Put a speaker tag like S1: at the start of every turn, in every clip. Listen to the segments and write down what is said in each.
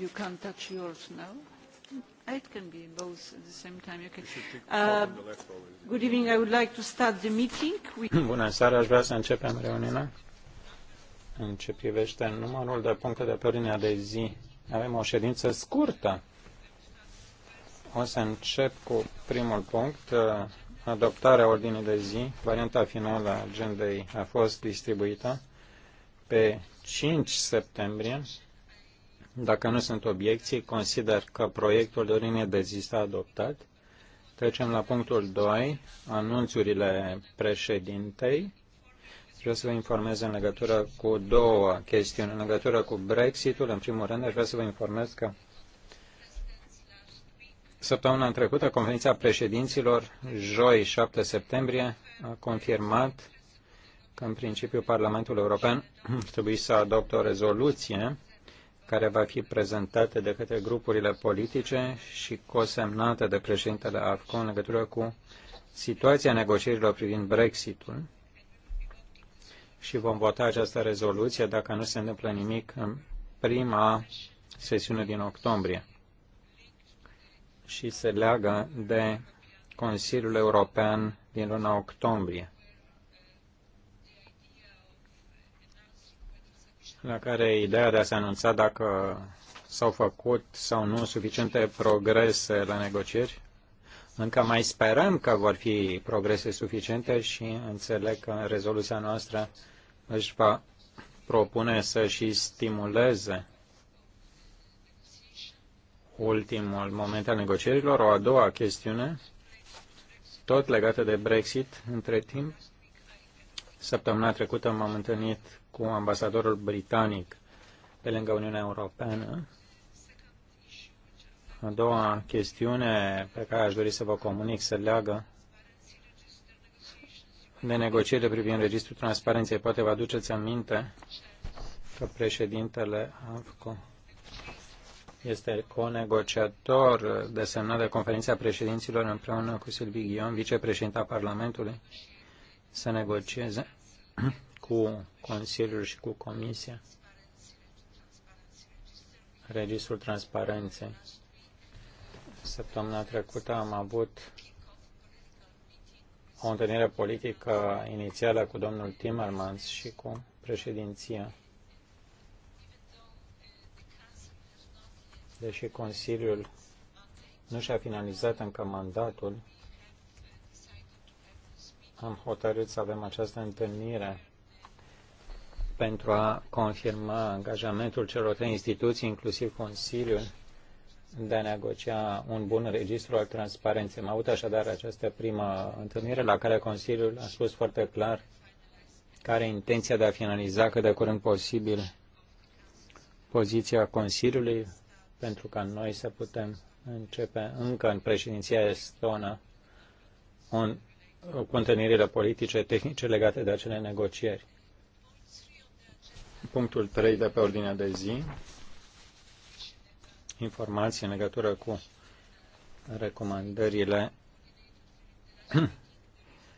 S1: you can't touch yours now. It can be both at the same time. Okay. Uh, good evening. I would like to start the meeting. We...
S2: Bună seara, aș vrea să începem reuniunea. În ce privește numărul de puncte de pe ordinea de zi, avem o ședință scurtă. O să încep cu primul punct. Uh, adoptarea ordinii de zi, varianta finală a agendei a fost distribuită pe 5 septembrie dacă nu sunt obiecții, consider că proiectul de ordine de zi s-a adoptat. Trecem la punctul 2, anunțurile președintei. Vreau să vă informez în legătură cu două chestiuni. În legătură cu Brexitul, în primul rând, aș vrea să vă informez că săptămâna trecută conferința președinților, joi 7 septembrie, a confirmat că în principiu Parlamentul European trebuie să adopte o rezoluție care va fi prezentată de către grupurile politice și cosemnată de președintele AFCO în legătură cu situația negocierilor privind Brexitul și vom vota această rezoluție dacă nu se întâmplă nimic în prima sesiune din octombrie și se leagă de Consiliul European din luna octombrie. la care ideea de a se anunța dacă s-au făcut sau nu suficiente progrese la negocieri. Încă mai sperăm că vor fi progrese suficiente și înțeleg că rezoluția noastră își va propune să și stimuleze ultimul moment al negocierilor. O a doua chestiune, tot legată de Brexit, între timp, săptămâna trecută m-am întâlnit cu ambasadorul britanic pe lângă Uniunea Europeană. A doua chestiune pe care aș dori să vă comunic să leagă de negocierile privind registrul transparenței. Poate vă aduceți aminte că președintele AFCO este co-negociator desemnat de conferința președinților împreună cu Silvi Ghion, vicepreședinta Parlamentului, să negocieze cu Consiliul și cu Comisia, Registrul Transparenței. Săptămâna trecută am avut o întâlnire politică inițială cu domnul Timmermans și cu președinția. Deși Consiliul nu și-a finalizat încă mandatul, am hotărât să avem această întâlnire pentru a confirma angajamentul celor trei instituții, inclusiv Consiliul, de a negocia un bun registru al transparenței. Am avut așadar această primă întâlnire la care Consiliul a spus foarte clar care intenția de a finaliza cât de curând posibil poziția Consiliului pentru ca noi să putem începe încă în președinția estonă un, cu întâlnirile politice, tehnice legate de acele negocieri punctul 3 de pe ordinea de zi, informații în legătură cu recomandările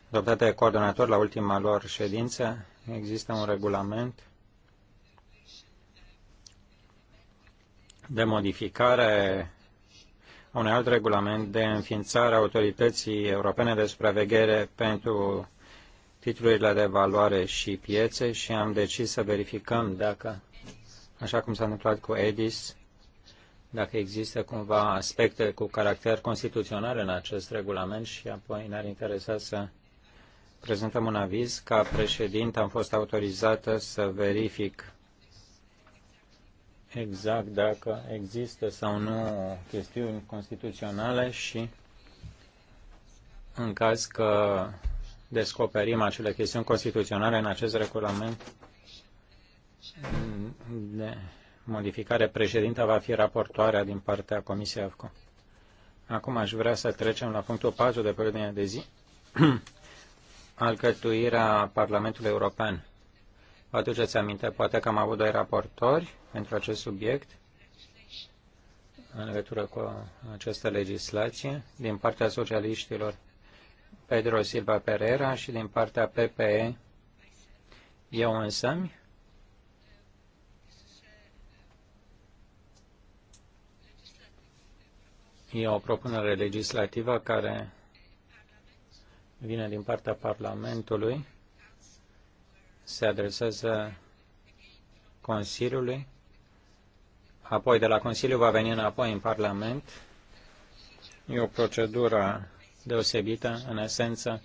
S2: adoptate de coordonator la ultima lor ședință. Există un regulament de modificare a unui alt regulament de înființare a Autorității Europene de Supraveghere pentru titlurile de valoare și piețe și am decis să verificăm dacă, așa cum s-a întâmplat cu EDIS, dacă există cumva aspecte cu caracter constituțional în acest regulament și apoi ne-ar interesa să prezentăm un aviz. Ca președinte am fost autorizată să verific exact dacă există sau nu chestiuni constituționale și în caz că descoperim acele chestiuni constituționale în acest regulament de modificare. Președinta va fi raportoarea din partea Comisiei AFCO. Acum aș vrea să trecem la punctul 4 de pe de zi, alcătuirea Parlamentului European. Vă aduceți aminte, poate că am avut doi raportori pentru acest subiect în legătură cu această legislație din partea socialiștilor Pedro Silva Pereira și din partea PPE eu însămi. E o propunere legislativă care vine din partea Parlamentului, se adresează Consiliului, apoi de la Consiliu va veni înapoi în Parlament. E o procedură deosebită, în esență,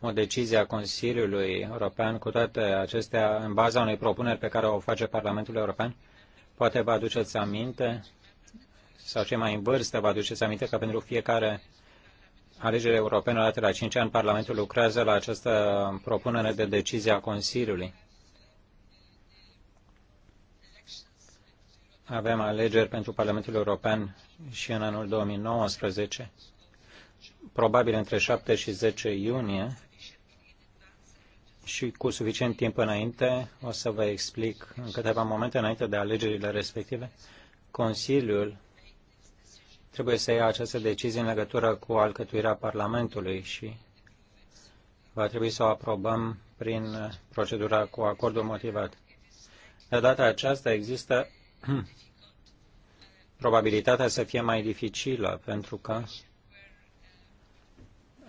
S2: o decizie a Consiliului European, cu toate acestea, în baza unei propuneri pe care o face Parlamentul European, poate vă aduceți aminte, sau cei mai în vârstă vă aduceți aminte că pentru fiecare alegere europeană, o dată la 5 ani, Parlamentul lucrează la această propunere de decizie a Consiliului. Avem alegeri pentru Parlamentul European și în anul 2019 probabil între 7 și 10 iunie și cu suficient timp înainte, o să vă explic în câteva momente înainte de alegerile respective, Consiliul trebuie să ia această decizie în legătură cu alcătuirea Parlamentului și va trebui să o aprobăm prin procedura cu acordul motivat. De data aceasta există probabilitatea să fie mai dificilă, pentru că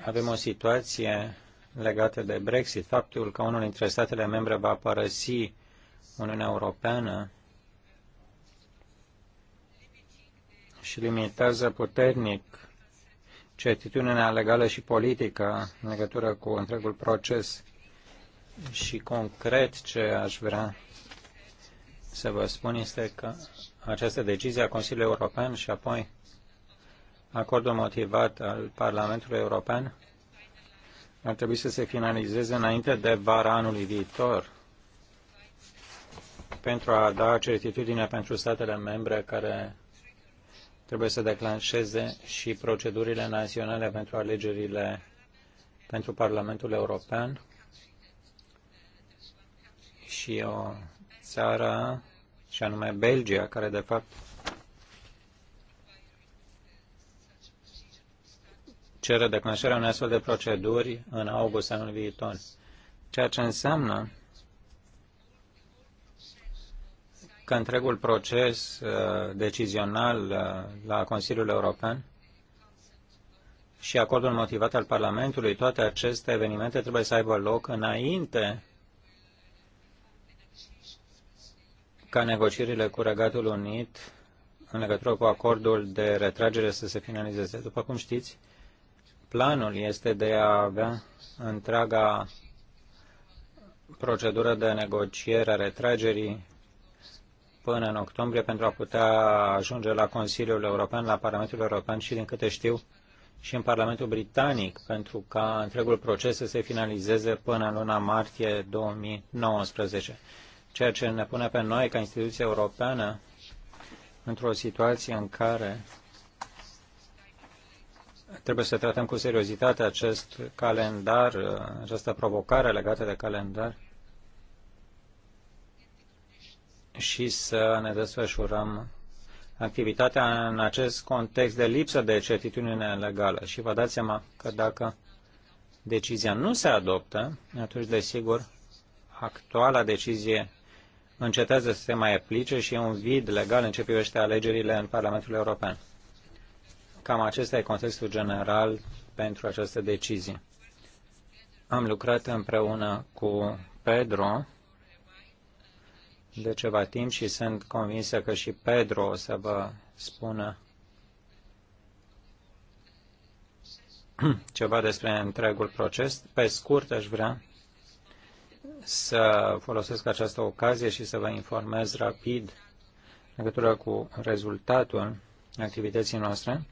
S2: avem o situație legată de Brexit. Faptul că unul dintre statele membre va părăsi Uniunea Europeană și limitează puternic certitudinea legală și politică în legătură cu întregul proces. Și concret ce aș vrea să vă spun este că această decizie a Consiliului European și apoi Acordul motivat al Parlamentului European ar trebui să se finalizeze înainte de vara anului viitor pentru a da certitudine pentru statele membre care trebuie să declanșeze și procedurile naționale pentru alegerile pentru Parlamentul European și o țară, și anume Belgia, care de fapt cere declanșarea unei astfel de proceduri în august anul viitor. Ceea ce înseamnă că întregul proces uh, decizional uh, la Consiliul European și acordul motivat al Parlamentului, toate aceste evenimente trebuie să aibă loc înainte ca negocierile cu Regatul Unit în legătură cu acordul de retragere să se finalizeze. După cum știți, Planul este de a avea întreaga procedură de negociere a retragerii până în octombrie pentru a putea ajunge la Consiliul European, la Parlamentul European și, din câte știu, și în Parlamentul Britanic, pentru ca întregul proces să se finalizeze până în luna martie 2019, ceea ce ne pune pe noi, ca instituție europeană, într-o situație în care trebuie să tratăm cu seriozitate acest calendar, uh, această provocare legată de calendar și să ne desfășurăm activitatea în acest context de lipsă de certitudine legală. Și vă dați seama că dacă decizia nu se adoptă, atunci, desigur, actuala decizie încetează să se mai aplice și e un vid legal în ce privește alegerile în Parlamentul European. Cam acesta e contextul general pentru această decizie. Am lucrat împreună cu Pedro de ceva timp și sunt convinsă că și Pedro o să vă spună ceva despre întregul proces. Pe scurt, aș vrea să folosesc această ocazie și să vă informez rapid în legătură cu rezultatul activității noastre.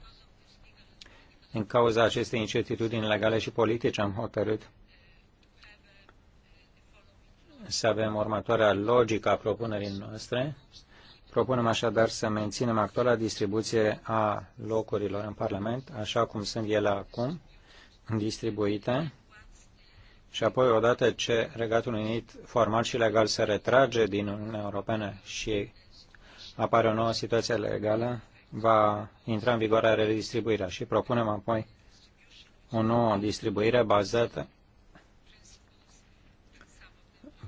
S2: Din cauza acestei incertitudini legale și politice am hotărât să avem următoarea logică a propunerii noastre. Propunem așadar să menținem actuala distribuție a locurilor în Parlament, așa cum sunt ele acum, distribuite, și apoi, odată ce Regatul Unit formal și legal se retrage din Uniunea Europeană și apare o nouă situație legală, va intra în vigoare redistribuirea și propunem apoi o nouă distribuire bazată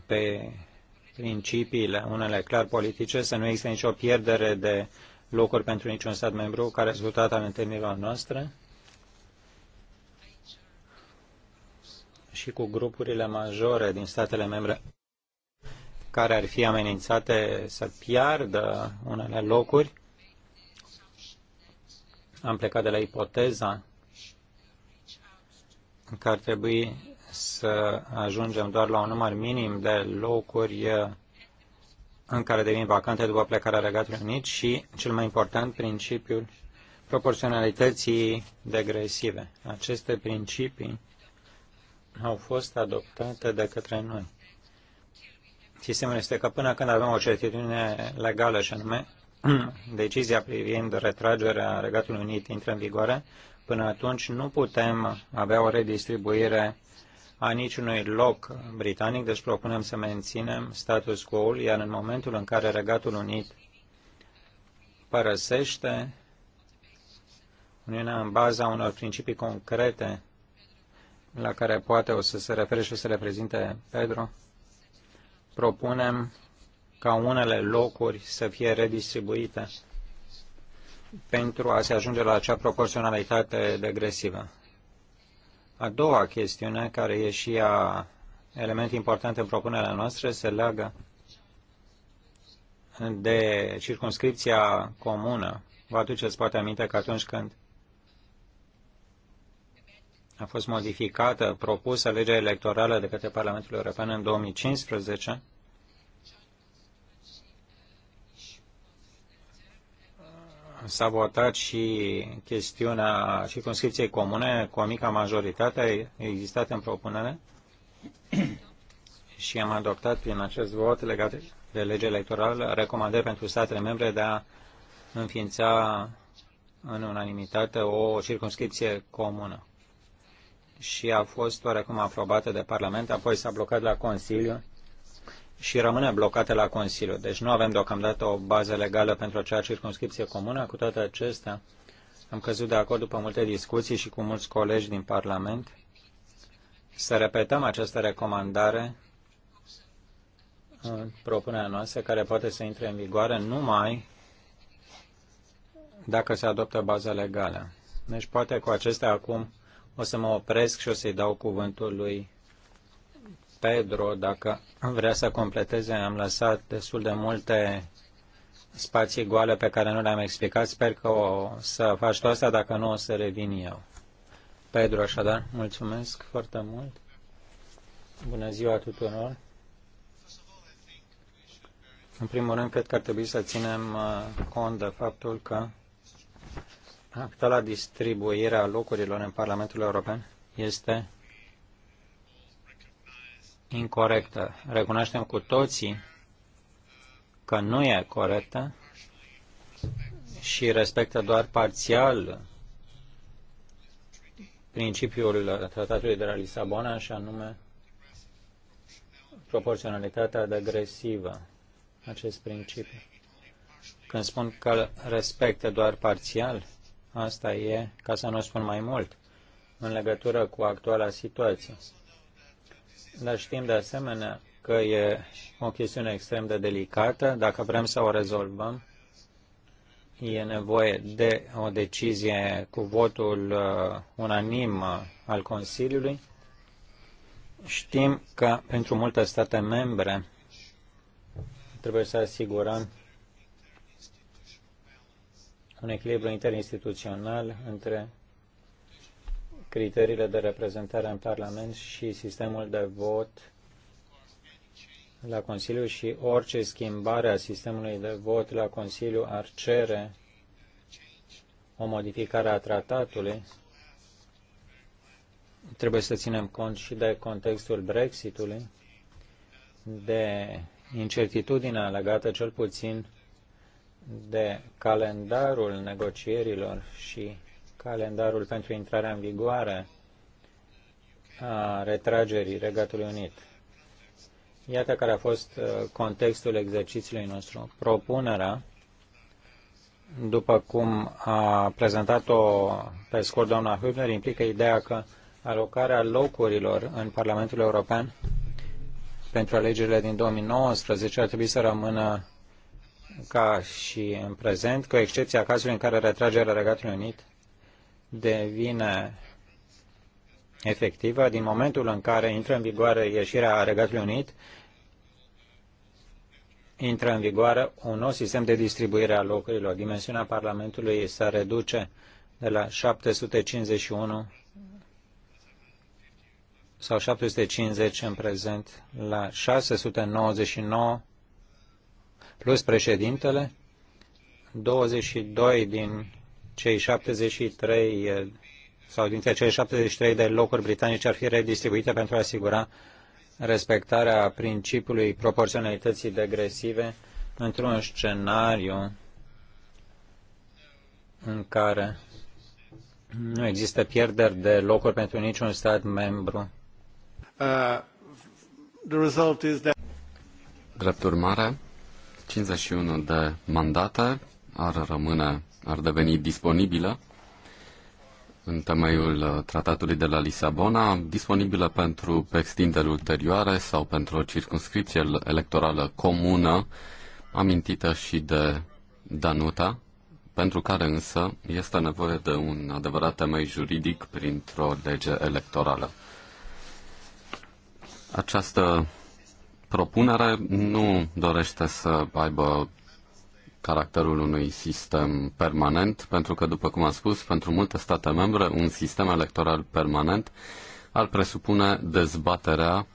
S2: pe principiile, unele clar politice, să nu există nicio pierdere de locuri pentru niciun stat membru ca rezultat al întâlnirilor noastre și cu grupurile majore din statele membre care ar fi amenințate să piardă unele locuri am plecat de la ipoteza că ar trebui să ajungem doar la un număr minim de locuri uh, în care devin vacante după plecarea Regatului Unit și, cel mai important, principiul proporționalității degresive. Aceste principii au fost adoptate de către noi. Sistemul este că până când avem o certitudine legală, și anume decizia privind retragerea Regatului Unit intră în vigoare, până atunci nu putem avea o redistribuire a niciunui loc britanic, deci propunem să menținem status quo-ul, iar în momentul în care Regatul Unit părăsește Uniunea în baza unor principii concrete la care poate o să se refere și o să reprezinte Pedro, propunem ca unele locuri să fie redistribuite pentru a se ajunge la acea proporționalitate degresivă. A doua chestiune, care e și ea element important în propunerea noastră, se leagă de circunscripția comună. Vă aduceți poate aminte că atunci când a fost modificată, propusă legea electorală de către Parlamentul European în 2015, s-a votat și chestiunea și conscripției comune cu o mică majoritate existată în propunere și am adoptat prin acest vot legat de lege electorală recomandări pentru statele membre de a înființa în unanimitate o circunscripție comună și a fost oarecum aprobată de Parlament, apoi s-a blocat la Consiliu și rămâne blocată la Consiliu. Deci nu avem deocamdată o bază legală pentru acea circunscripție comună. Cu toate acestea, am căzut de acord după multe discuții și cu mulți colegi din Parlament să repetăm această recomandare propunerea noastră care poate să intre în vigoare numai dacă se adoptă baza legală. Deci poate cu acestea acum o să mă opresc și o să-i dau cuvântul lui Pedro, dacă vrea să completeze, am lăsat destul de multe spații goale pe care nu le-am explicat. Sper că o să faci tot asta, dacă nu o să revin eu. Pedro, așadar, mulțumesc foarte mult. Bună ziua tuturor. În primul rând, cred că ar trebui să ținem uh, cont de faptul că actuala distribuire a locurilor în Parlamentul European este incorrectă. Recunoaștem cu toții că nu e corectă și respectă doar parțial principiul Tratatului de la Lisabona, și anume proporționalitatea degresivă, acest principiu. Când spun că respectă doar parțial, asta e, ca să nu spun mai mult, în legătură cu actuala situație dar știm de asemenea că e o chestiune extrem de delicată. Dacă vrem să o rezolvăm, e nevoie de o decizie cu votul uh, unanim uh, al Consiliului. Știm că pentru multe state membre trebuie să asigurăm un echilibru interinstituțional între criteriile de reprezentare în Parlament și sistemul de vot la Consiliu și orice schimbare a sistemului de vot la Consiliu ar cere o modificare a tratatului. Trebuie să ținem cont și de contextul Brexitului, de incertitudinea legată cel puțin de calendarul negocierilor și calendarul pentru intrarea în vigoare a retragerii Regatului Unit.
S3: Iată care a fost
S2: uh, contextul exercițiului nostru. Propunerea, după cum a prezentat-o pe scurt doamna Hübner, implică ideea că alocarea locurilor în Parlamentul European pentru alegerile din 2019 ar trebui să rămână ca și în prezent, cu excepția cazului în care retragerea Regatului Unit devine efectivă din momentul în care intră în vigoare ieșirea Regatului Unit, intră în vigoare un nou sistem de distribuire a locurilor. Dimensiunea Parlamentului se reduce de la 751 sau 750 în prezent la 699 plus președintele, 22 din cei 73 sau dintre cei 73 de locuri britanice ar fi redistribuite pentru a asigura respectarea principiului proporționalității degresive într-un scenariu în care nu există pierderi de locuri pentru niciun stat membru.
S1: Uh, the result is that...
S3: Drept urmare, 51 de mandate ar rămâne ar deveni disponibilă în temeiul uh, tratatului de la Lisabona, disponibilă pentru extinderi ulterioare sau pentru o circunscripție electorală comună, amintită și de Danuta, pentru care însă este nevoie de un adevărat temei juridic printr-o lege electorală. Această propunere nu dorește să aibă caracterul unui sistem permanent, pentru că, după cum am spus, pentru multe state membre, un sistem electoral permanent ar presupune dezbaterea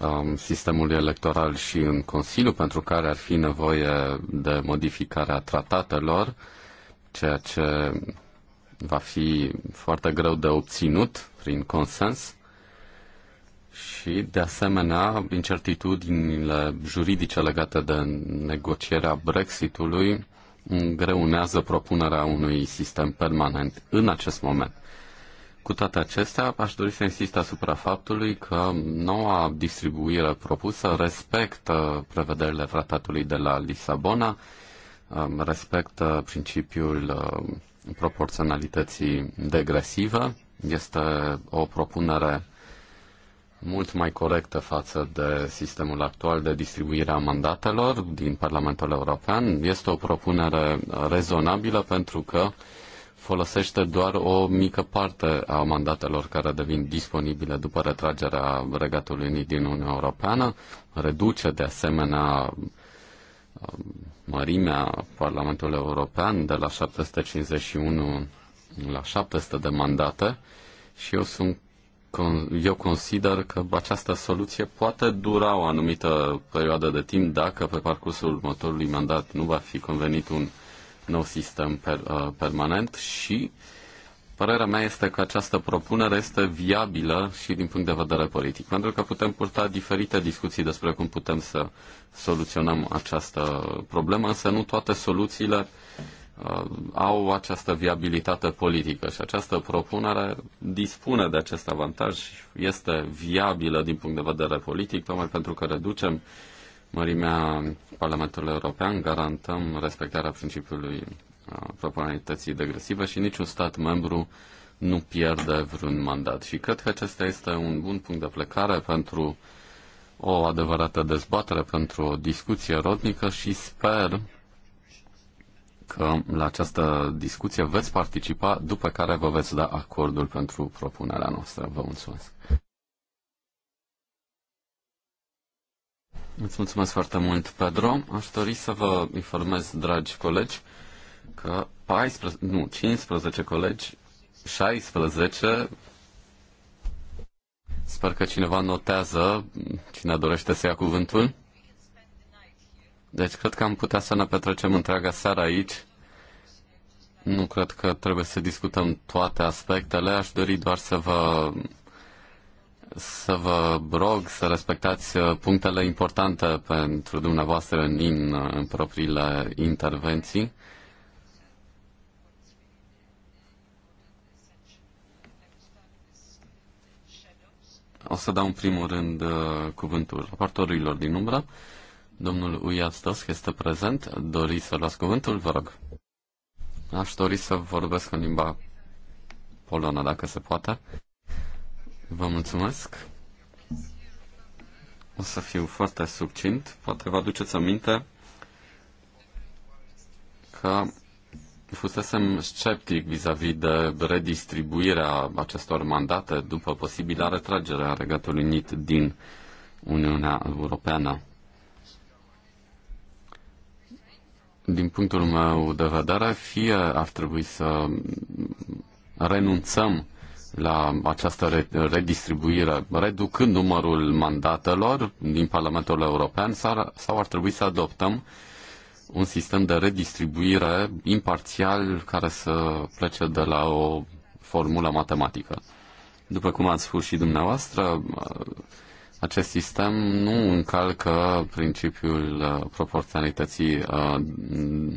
S3: um, sistemului electoral și în Consiliu, pentru care ar fi nevoie de modificarea tratatelor, ceea ce va fi foarte greu de obținut prin consens și, de asemenea, incertitudinile juridice legate de negocierea Brexitului greunează propunerea unui sistem permanent în acest moment. Cu toate acestea, aș dori să insist asupra faptului că noua distribuire propusă respectă prevederile tratatului de la Lisabona, um, respectă principiul um, proporționalității degresive, este o propunere mult mai corectă față de sistemul actual de distribuire a mandatelor din Parlamentul European. Este o propunere rezonabilă pentru că folosește doar o mică parte a mandatelor care devin disponibile după retragerea Regatului Unit din Uniunea Europeană, reduce de asemenea um, mărimea Parlamentului European de la 751 la 700 de mandate și eu sunt eu consider că această soluție poate dura o anumită perioadă de timp dacă pe parcursul următorului mandat nu va fi convenit un nou sistem per, uh, permanent și părerea mea este că această propunere este viabilă și din punct de vedere politic, pentru că putem purta diferite discuții despre cum putem să soluționăm această problemă, însă nu toate soluțiile uh, Uh, au această viabilitate politică și această propunere dispune de acest avantaj și este viabilă din punct de vedere politic, tocmai pentru că reducem mărimea Parlamentului European, garantăm respectarea principiului uh, proporționalității degresive și niciun stat membru nu pierde vreun mandat. Și cred că acesta este un bun punct de plecare pentru o adevărată dezbatere, pentru o discuție rodnică și sper că la această discuție veți participa, după care vă veți da acordul pentru propunerea noastră. Vă mulțumesc! Îți mulțumesc foarte mult, Pedro. Aș dori să vă informez, dragi colegi, că 14, nu, 15 colegi, 16, sper că cineva notează, cine dorește să ia cuvântul. Deci cred că am putea să ne petrecem întreaga seară aici. Nu cred că trebuie să discutăm toate aspectele. Aș dori doar să vă să vă rog să respectați uh, punctele importante pentru dumneavoastră în, uh, în propriile intervenții. O să dau în primul rând uh, cuvântul raportorilor din umbră. Domnul Uiațtos este prezent. Dori să luați cuvântul, vă rog. Aș dori să vorbesc în limba polonă, dacă se poate. Vă mulțumesc. O să fiu foarte succint. Poate vă aduceți aminte că fusesem sceptic vis-a-vis -vis de redistribuirea acestor mandate după posibilă retragere a Regatului Unit din Uniunea Europeană. Din punctul meu de vedere, fie ar trebui să renunțăm la această redistribuire, reducând numărul mandatelor din Parlamentul European, sau ar trebui să adoptăm un sistem de redistribuire imparțial care să plece de la o formulă matematică. După cum ați spus și dumneavoastră, acest sistem nu încalcă principiul uh, proporționalității uh,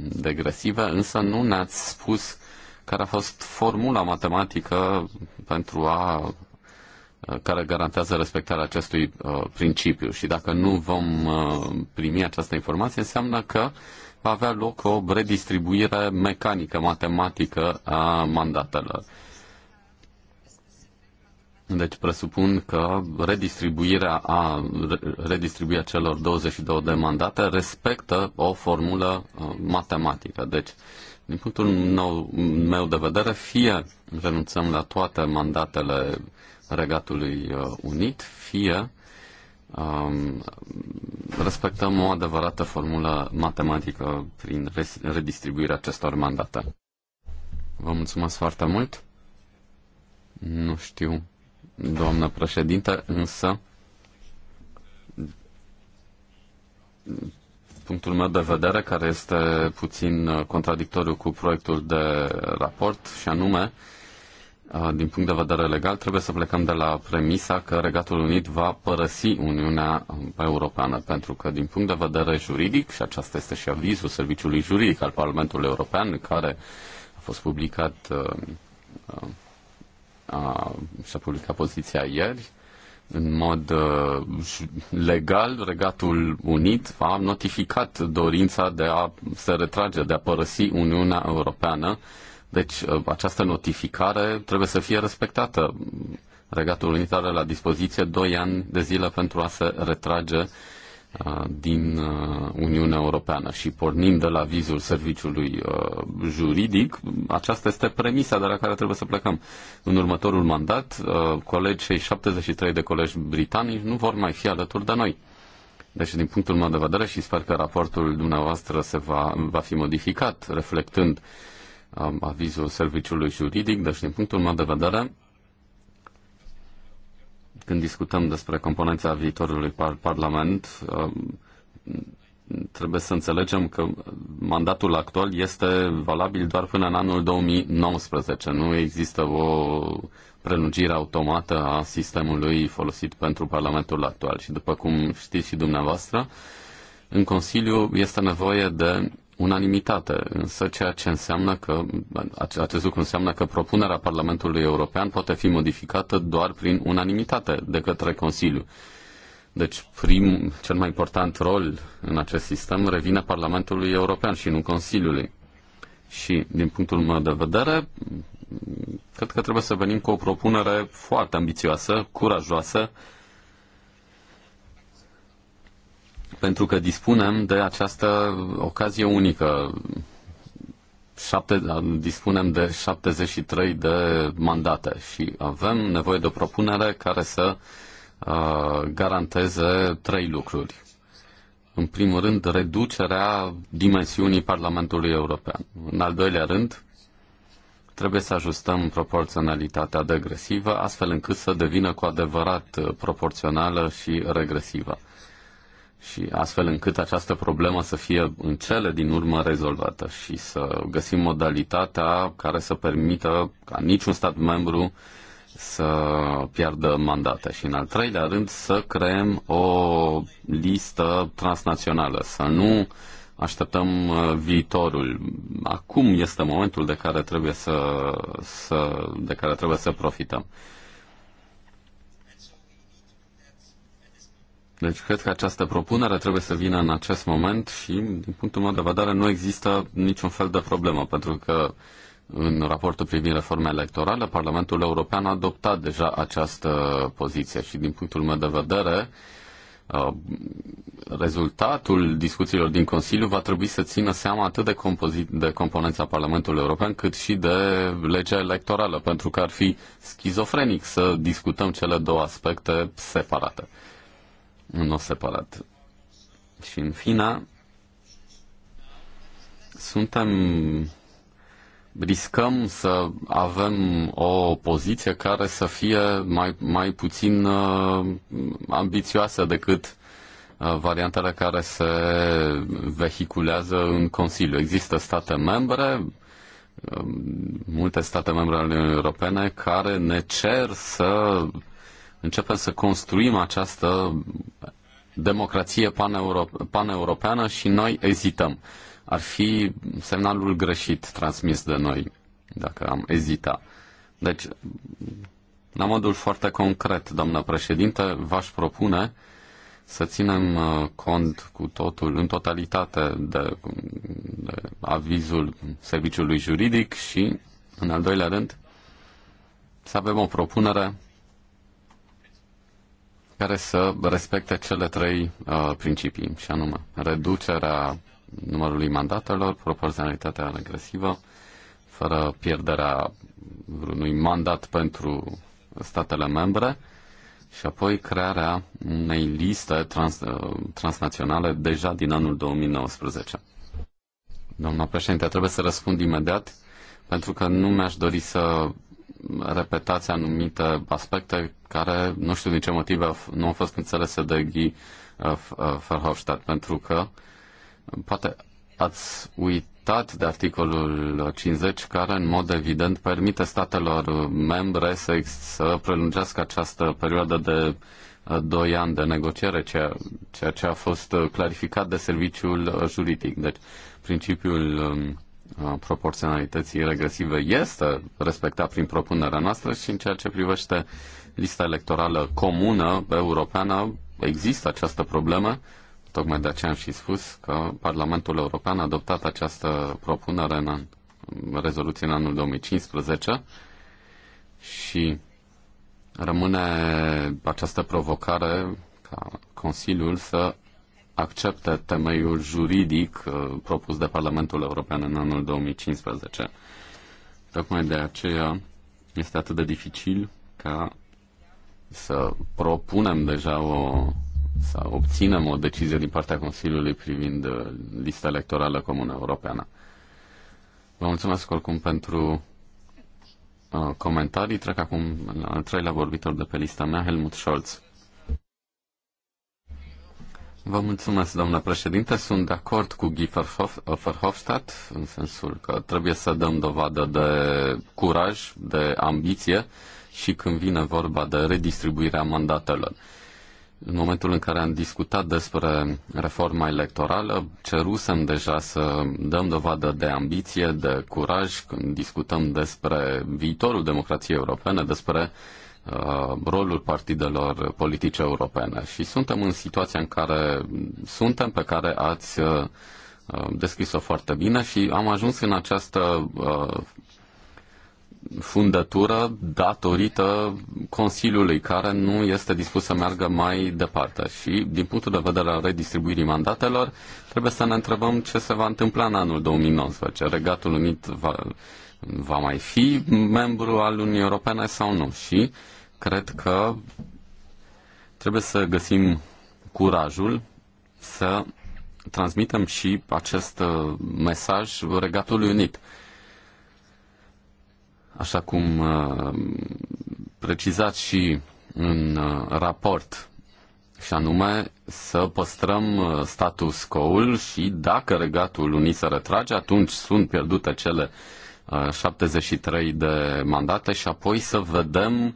S3: degresive, însă nu ne-ați spus care a fost formula matematică pentru a uh, care garantează respectarea acestui principiu și dacă nu vom primi această informație, înseamnă că va avea loc o redistribuire mecanică, matematică a mandatelor. Deci presupun că redistribuirea, a, redistribuirea celor 22 de mandate respectă o formulă uh, matematică. Deci, din punctul meu de vedere, fie renunțăm la toate mandatele Regatului uh, Unit, fie um, respectăm o adevărată formulă matematică prin redistribuirea acestor mandate. Vă mulțumesc foarte mult. Nu știu doamnă președintă, însă punctul meu de vedere, care este puțin contradictoriu cu proiectul de raport, și anume, din punct de vedere legal, trebuie să plecăm de la premisa că Regatul Unit va părăsi Uniunea Europeană, pentru că din punct de vedere juridic, și aceasta este și avizul Serviciului Juridic al Parlamentului European, care a fost publicat a, și-a publicat poziția ieri. În mod uh, legal, Regatul Unit a notificat dorința de a se retrage, de a părăsi Uniunea Europeană. Deci uh, această notificare trebuie să fie respectată. Regatul Unit are la dispoziție 2 ani de zile pentru a se retrage din Uniunea Europeană și pornind de la vizul serviciului juridic, aceasta este premisa de la care trebuie să plecăm. În următorul mandat, colegi, cei 73 de colegi britanici nu vor mai fi alături de noi. Deci, din punctul meu de vedere, și sper că raportul dumneavoastră se va, va fi modificat, reflectând avizul serviciului juridic, deci, din punctul meu de vedere, când discutăm despre componența viitorului par- Parlament, um, trebuie să înțelegem că mandatul actual este valabil doar până în anul 2019. Nu există o prelungire automată a sistemului folosit pentru Parlamentul actual. Și după cum știți și dumneavoastră, în Consiliu este nevoie de unanimitate, însă ceea ce înseamnă că acest lucru înseamnă că propunerea Parlamentului European poate fi modificată doar prin unanimitate de către Consiliu. Deci prim, cel mai important rol în acest sistem revine Parlamentului European și nu Consiliului. Și din punctul meu de vedere, cred că trebuie să venim cu o propunere foarte ambițioasă, curajoasă, pentru că dispunem de această ocazie unică. Șapte, dispunem de 73 de mandate și avem nevoie de o propunere care să uh, garanteze trei lucruri. În primul rând, reducerea dimensiunii Parlamentului European. În al doilea rând, trebuie să ajustăm proporționalitatea degresivă, astfel încât să devină cu adevărat uh, proporțională și regresivă și astfel încât această problemă să fie în cele din urmă rezolvată și să găsim modalitatea care să permită ca niciun stat membru să piardă mandate și în al treilea rând să creăm o listă transnațională, să nu așteptăm uh, viitorul. Acum este momentul de care trebuie să, să, de care trebuie să profităm. Deci cred că această propunere trebuie să vină în acest moment și, din punctul meu de vedere, nu există niciun fel de problemă, pentru că în raportul privind reforma electorală, Parlamentul European a adoptat deja această poziție și, din punctul meu de vedere, uh, rezultatul discuțiilor din Consiliu va trebui să țină seama atât de, compozi- de componența Parlamentului European cât și de legea electorală, pentru că ar fi schizofrenic să discutăm cele două aspecte separate în mod separat. Și în fina, suntem riscăm să avem o poziție care să fie mai, mai puțin uh, ambițioasă decât uh, variantele care se vehiculează în Consiliu. Există state membre, uh, multe state membre ale Uniunii Europene, care ne cer să începem să construim această democrație paneuropeană și noi ezităm. Ar fi semnalul greșit transmis de noi dacă am ezita. Deci, la modul foarte concret, doamnă președinte, v-aș propune să ținem uh, cont cu totul, în totalitate, de, de avizul serviciului juridic și, în al doilea rând, să avem o propunere care să respecte cele trei uh, principii, și anume reducerea numărului mandatelor, proporționalitatea regresivă, fără pierderea vreunui mandat pentru statele membre și apoi crearea unei liste trans, uh, transnaționale deja din anul 2019. Doamna președinte, trebuie să răspund imediat pentru că nu mi-aș dori să repetați anumite aspecte care, nu știu din ce motive, nu au fost înțelese de Guy uh, uh, Verhofstadt, pentru că poate ați uitat de articolul 50, care în mod evident permite statelor membre să, să prelungească această perioadă de 2 uh, ani de negociere, ceea, ceea ce a fost clarificat de serviciul juridic. Deci, principiul um, proporționalității regresive este respectat prin propunerea noastră și în ceea ce privește lista electorală comună europeană există această problemă. Tocmai de aceea am și spus că Parlamentul European a adoptat această propunere în an, rezoluție în anul 2015 și rămâne această provocare ca Consiliul să acceptă temeiul juridic uh, propus de Parlamentul European în anul 2015. Tocmai de aceea este atât de dificil ca să propunem deja o să obținem o decizie din partea Consiliului privind uh, lista electorală comună europeană. Vă mulțumesc oricum pentru uh, comentarii. Trec acum la al treilea vorbitor de pe lista mea, Helmut Scholz. Vă mulțumesc, doamnă președinte. Sunt de acord cu Guy Verhofstadt în sensul că trebuie să dăm dovadă de curaj, de ambiție și când vine vorba de redistribuirea mandatelor. În momentul în care am discutat despre reforma electorală, cerusem deja să dăm dovadă de ambiție, de curaj când discutăm despre viitorul democrației europene, despre uh, Uh, rolul partidelor politice europene și suntem în situația în care suntem, pe care ați uh, uh, descris-o foarte bine și am ajuns în această fundătură datorită Consiliului, care nu este dispus să meargă mai departe. Și din punctul de vedere al redistribuirii mandatelor, trebuie să ne întrebăm ce se va întâmpla în anul 2019. Regatul Unit va, va mai fi membru al Uniunii Europene sau nu? Și uh, cred că trebuie să găsim curajul să transmitem și acest uh, mesaj Regatului Unit. Așa cum uh, precizat și în uh, raport, și anume să păstrăm status quo-ul și dacă Regatul Unit se retrage, atunci sunt pierdute cele 73 de mandate și apoi să vedem uh,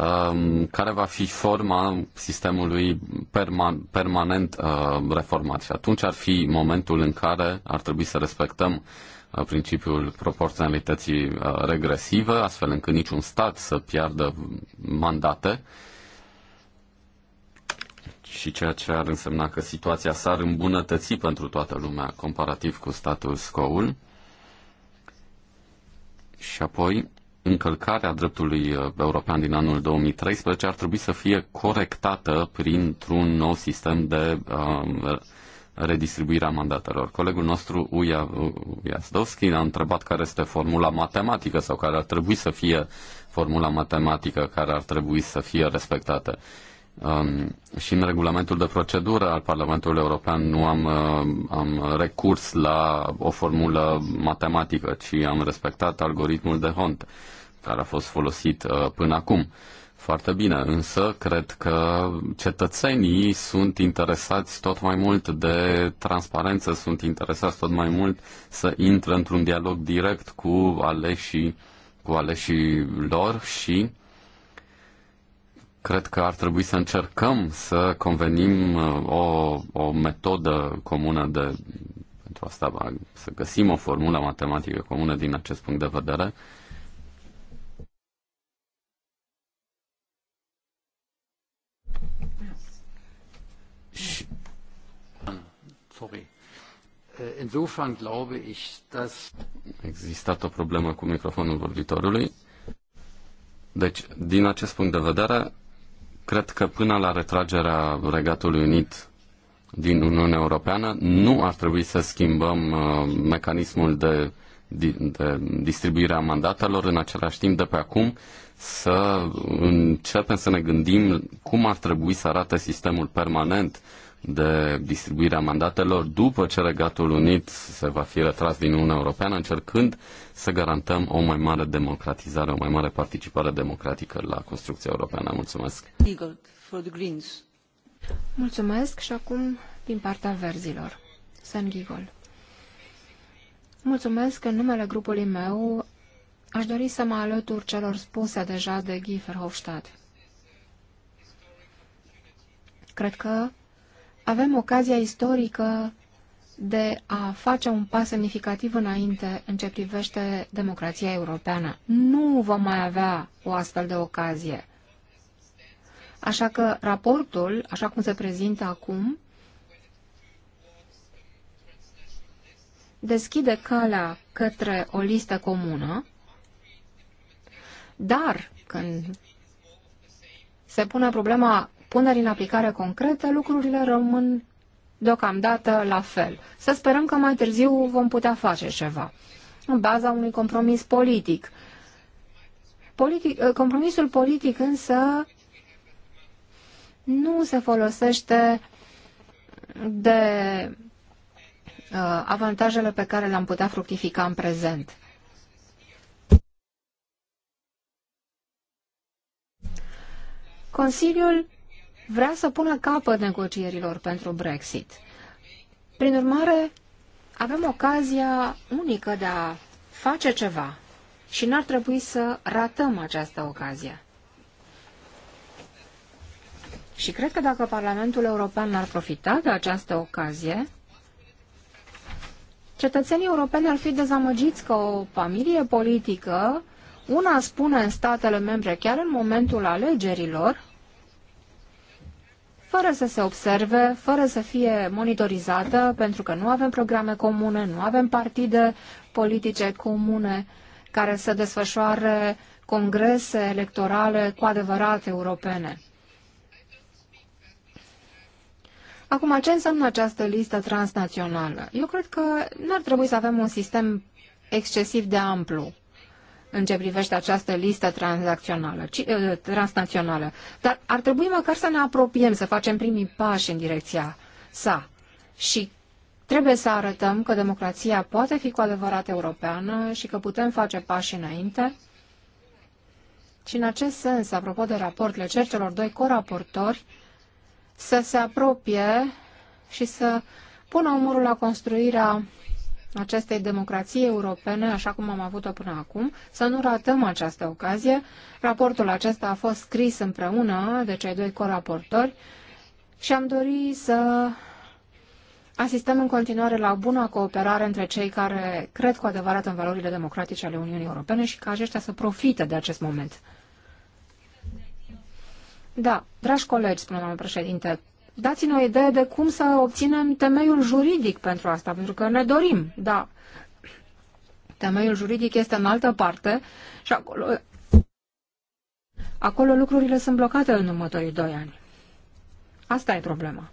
S3: Um, care va fi forma sistemului perman- permanent uh, reformat. Și atunci ar fi momentul în care ar trebui să respectăm uh, principiul proporționalității uh, regresive, astfel încât niciun stat să piardă mandate și ceea ce ar însemna că situația s-ar îmbunătăți pentru toată lumea comparativ cu status quo-ul. Și apoi Încălcarea dreptului uh, european din anul 2013 ar trebui să fie corectată printr-un nou sistem de uh, redistribuire a mandatelor. Colegul nostru, Uia uh, Iazdovski, a întrebat care este formula matematică sau care ar trebui să fie formula matematică care ar trebui să fie respectată. Um, și în regulamentul de procedură al Parlamentului European nu am, uh, am recurs la o formulă matematică, ci am respectat algoritmul de Hont, care a fost folosit uh, până acum. Foarte bine, însă cred că cetățenii sunt interesați tot mai mult de transparență, sunt interesați tot mai mult să intre într-un dialog direct cu aleșii, cu aleșii lor și Cred că ar trebui să încercăm să convenim uh, o, o metodă comună de, pentru asta, să găsim o formulă matematică comună din acest punct de vedere. Sorry. Äh, insofern glaube ich, dass... Existat o problemă cu microfonul vorbitorului. Deci, din acest punct de vedere, Cred că până la retragerea Regatului Unit din Uniunea Europeană nu ar trebui să schimbăm uh, mecanismul de, di, de distribuire a mandatelor, în același timp de pe acum să începem să ne gândim cum ar trebui să arate sistemul permanent uh, de distribuirea mandatelor după ce Regatul Unit se va fi retras din Uniunea Europeană, încercând să garantăm o mai mare democratizare, o mai mare participare democratică la construcția europeană. Mulțumesc!
S4: Mulțumesc și acum din partea verzilor. San Gigol. Mulțumesc în numele grupului meu. Aș dori să mă alătur celor spuse deja de Giefer Hofstadt. Cred că avem ocazia istorică de a face un pas semnificativ înainte în ce privește democrația europeană. Nu vom mai avea o astfel de ocazie. Așa că raportul, așa cum se prezintă acum, deschide calea către o listă comună, dar când se pune problema puneri în aplicare concrete, lucrurile rămân deocamdată la fel. Să sperăm că mai târziu vom putea face ceva, în baza unui compromis politic. politic ă, compromisul politic însă nu se folosește de uh, avantajele pe care le-am putea fructifica în prezent. Consiliul vrea să pună capăt negocierilor pentru Brexit. Prin urmare, avem ocazia unică de a face ceva și n-ar trebui să ratăm această ocazie. Și cred că dacă Parlamentul European ar profita de această ocazie, cetățenii europeni ar fi dezamăgiți că o familie politică, una spune în statele membre chiar în momentul alegerilor, fără să se observe, fără să fie monitorizată, pentru că nu avem programe comune, nu avem partide politice comune care să desfășoare congrese electorale cu adevărat europene. Acum, ce înseamnă această listă transnațională? Eu cred că n-ar trebui să avem un sistem excesiv de amplu în ce privește această listă transnațională, ci, ă, transnațională. Dar ar trebui măcar să ne apropiem, să facem primii pași în direcția sa. Și trebuie să arătăm că democrația poate fi cu adevărat europeană și că putem face pași înainte. Și în acest sens, apropo de raportele celor doi coraportori să se apropie și să pună umărul la construirea acestei democrații europene, așa cum am avut-o până acum, să nu ratăm această ocazie. Raportul acesta a fost scris împreună de cei doi coraportori și am dorit să asistăm în continuare la bună cooperare între cei care cred cu adevărat în valorile democratice ale Uniunii Europene și ca aceștia să profită de acest moment. Da, dragi colegi, spune doamna președinte, dați-ne o idee de cum să obținem temeiul juridic pentru asta, pentru că ne dorim, da. Temeiul juridic este în altă parte și acolo, acolo lucrurile sunt blocate în următorii doi ani. Asta e problema.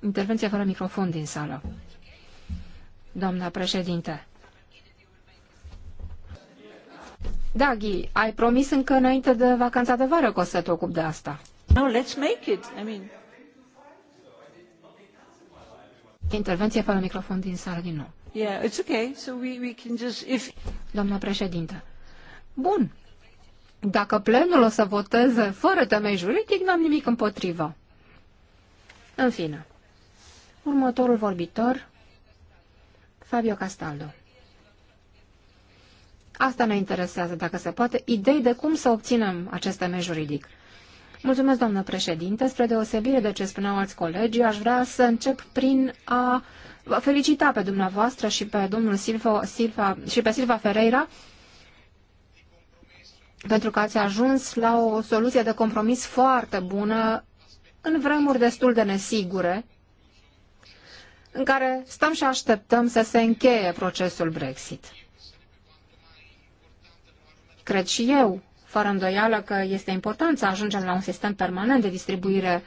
S4: Intervenție fără microfon din sală. Doamna președinte. Da, Ghi, ai promis încă înainte de vacanța de vară că o să te ocupi de asta.
S1: No, let's make it. I mean...
S4: Intervenție fără microfon din sală din nou.
S1: Yeah, it's okay. So we, we can just, if...
S4: Doamna președintă. Bun. Dacă plenul o să voteze fără temei juridic, n-am nimic împotrivă. În fine. Următorul vorbitor, Fabio Castaldo. Asta ne interesează, dacă se poate, idei de cum să obținem acest temei juridic. Mulțumesc, doamnă președinte. Spre deosebire de ce spuneau alți colegi, aș vrea să încep prin a vă felicita pe dumneavoastră și pe domnul Silva, Silva și pe Silva Ferreira pentru că ați ajuns la o soluție de compromis foarte bună în vremuri destul de nesigure, în care stăm și așteptăm să se încheie procesul Brexit. Cred și eu fără îndoială că este important să ajungem la un sistem permanent de distribuire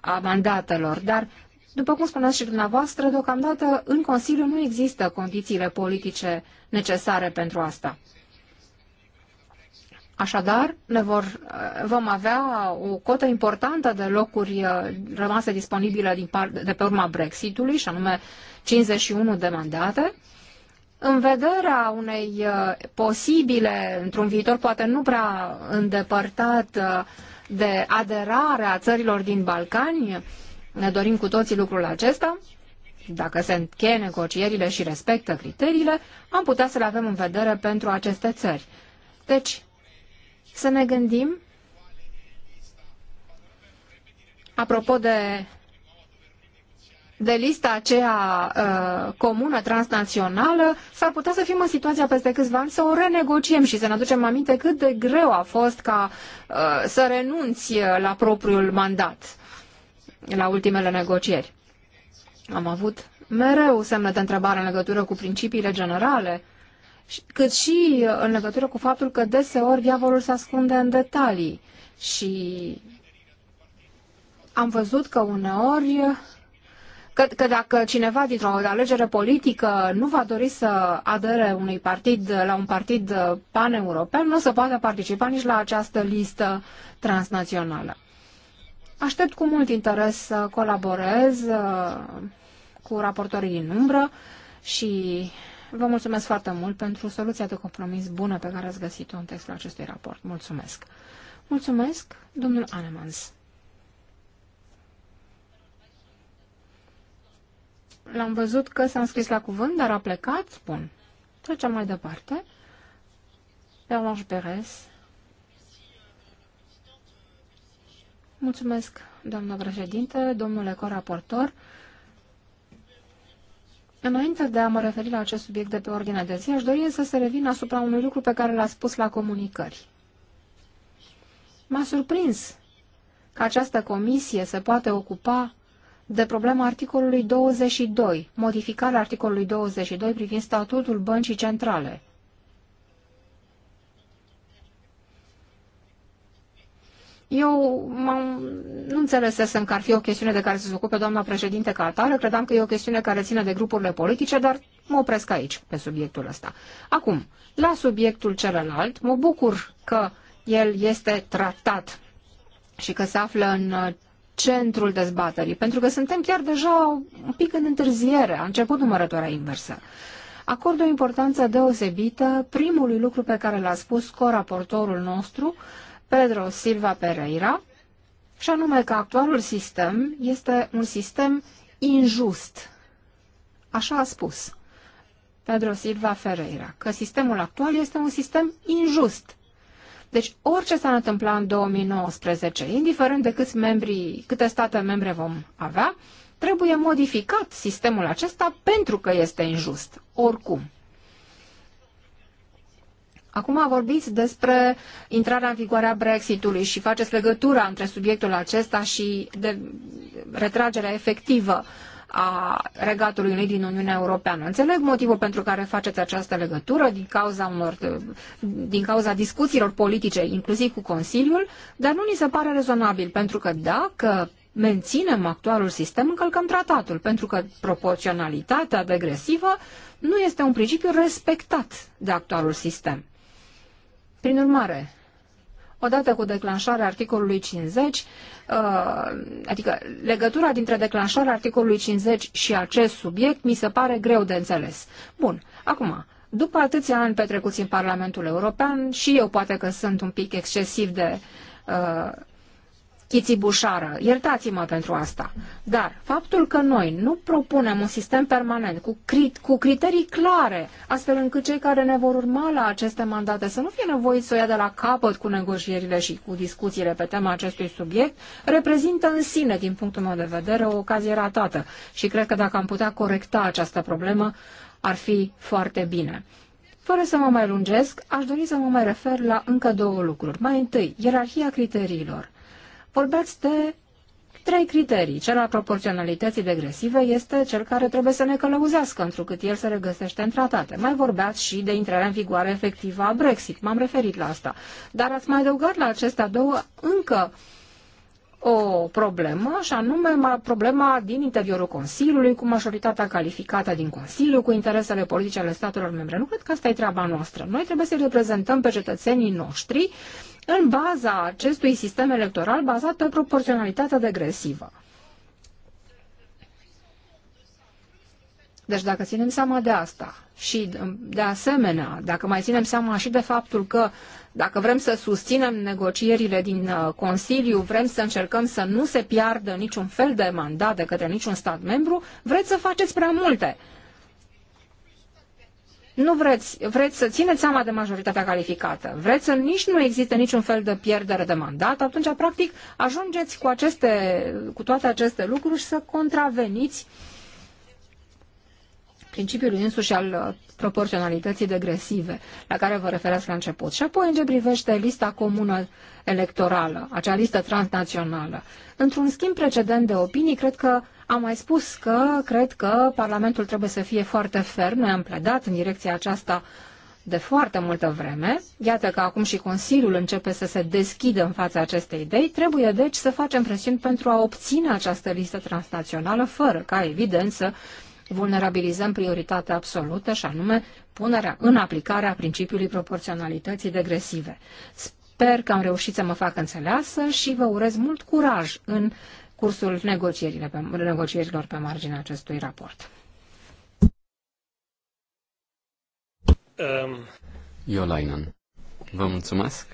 S4: a mandatelor, dar după cum spuneați și dumneavoastră, deocamdată în Consiliu nu există condițiile politice necesare pentru asta. Așadar, ne vor, vom avea o cotă importantă de locuri uh, rămase disponibile din par, de pe urma Brexitului, și anume 51 de mandate, în vederea unei uh, posibile, într-un viitor poate nu prea îndepărtat, uh, de aderare a țărilor din Balcani, ne dorim cu toții lucrul acesta, dacă se încheie negocierile și respectă criteriile, am putea să le avem în vedere pentru aceste țări. Deci, să ne gândim, apropo de de lista aceea uh, comună, transnațională, s-ar putea să fim în situația peste câțiva ani să o renegociem și să ne aducem aminte cât de greu a fost ca uh, să renunți la propriul mandat la ultimele negocieri. Am avut mereu semne de întrebare în legătură cu principiile generale, cât și uh, în legătură cu faptul că deseori diavolul se ascunde în detalii și am văzut că uneori că, că dacă cineva dintr-o alegere politică nu va dori să adere unui partid, la un partid paneuropean, nu se poate participa nici la această listă transnațională. Aștept cu mult interes să colaborez uh, cu raportorii din umbră și vă mulțumesc foarte mult pentru soluția de compromis bună pe care ați găsit-o în textul acestui raport. Mulțumesc! Mulțumesc, domnul Anemans. L-am văzut că s-a înscris la cuvânt, dar a plecat, spun. Trecem mai departe. Bernard Perez. Mulțumesc, doamnă președinte, domnule coraportor. Înainte de a mă referi la acest subiect de pe ordinea de zi, aș dori să se revin asupra unui lucru pe care l-a spus la comunicări. M-a surprins că această comisie se poate ocupa de problema articolului 22, modificarea articolului 22 privind statutul băncii centrale. Eu nu înțelesesem că ar fi o chestiune de care să se ocupe doamna președinte ca atare, credeam că e o chestiune care ține de grupurile politice, dar mă opresc aici pe subiectul ăsta. Acum, la subiectul celălalt, mă bucur că el este tratat și că se află în centrul dezbaterii, pentru că suntem chiar deja un pic în întârziere, a început numărătoarea inversă. Acord o importanță deosebită primului lucru pe care l-a spus coraportorul nostru, Pedro Silva Pereira, și anume că actualul sistem este un sistem injust. Așa a spus Pedro Silva Ferreira, că sistemul actual este un sistem injust. Deci orice s a întâmplat în 2019, indiferent de câți membri, câte state membre vom avea, trebuie modificat sistemul acesta pentru că este injust, oricum. Acum vorbiți despre intrarea în vigoare a Brexitului și faceți legătura între subiectul acesta și de retragerea efectivă a Regatului Unit din Uniunea Europeană. Înțeleg motivul pentru care faceți această legătură din cauza, unor, din cauza discuțiilor politice, inclusiv cu Consiliul, dar nu ni se pare rezonabil, pentru că dacă menținem actualul sistem, încălcăm tratatul, pentru că proporționalitatea degresivă nu este un principiu respectat de actualul sistem. Prin urmare, odată cu declanșarea articolului 50, Uh, adică legătura dintre declanșarea articolului 50 și acest subiect mi se pare greu de înțeles. Bun, acum, după atâția ani petrecuți în Parlamentul European, și eu poate că sunt un pic excesiv de uh, chitibușară. Iertați-mă pentru asta. Dar faptul că noi nu propunem un sistem permanent cu, crit, cu criterii clare, astfel încât cei care ne vor urma la aceste mandate să nu fie nevoiți să o ia de la capăt cu negocierile și cu discuțiile pe tema acestui subiect, reprezintă în sine, din punctul meu de vedere, o ocazie ratată. Și cred că dacă am putea corecta această problemă, ar fi foarte bine. Fără să mă mai lungesc, aș dori să mă mai refer la încă două lucruri. Mai întâi, ierarhia criteriilor vorbeați de trei criterii. Cel al proporționalității degresive este cel care trebuie să ne călăuzească, întrucât el se regăsește în tratate. Mai vorbeați și de intrarea în vigoare efectivă a Brexit. M-am referit la asta. Dar ați mai adăugat la acestea două încă uh, o problemă, și anume problema din interiorul Consiliului, cu majoritatea calificată din Consiliu, cu interesele politice ale statelor membre. Nu cred că asta e treaba noastră. Noi trebuie să reprezentăm pe cetățenii noștri în baza acestui sistem electoral bazat pe proporționalitatea degresivă. Deci dacă ținem seama de asta și de asemenea, dacă mai ținem seama și de faptul că dacă vrem să susținem negocierile din uh, Consiliu, vrem să încercăm să nu se piardă niciun fel de mandat de către niciun stat membru, vreți să faceți prea multe. Nu vreți, vreți să țineți seama de majoritatea calificată, vreți să nici nu existe niciun fel de pierdere de mandat, atunci, practic, ajungeți cu, aceste, cu toate aceste lucruri și să contraveniți uh, principiul însuși al uh, proporționalității degresive, la care vă referați la început. Și apoi, în ce privește lista comună electorală, acea listă transnațională. Într-un schimb precedent de opinii, cred că am mai spus că cred că Parlamentul trebuie să fie foarte ferm. Noi am pledat în direcția aceasta de foarte multă vreme. Iată că acum și Consiliul începe să se deschidă în fața acestei idei. Trebuie deci să facem presiuni pentru a obține această listă transnațională, fără ca, evident, să vulnerabilizăm prioritatea absolută și anume punerea în aplicare a principiului proporționalității degresive. Sper că am reușit să mă fac înțeleasă și vă urez mult curaj în cursul negocierilor pe marginea acestui raport.
S2: Um...
S3: Iolainen, vă mulțumesc.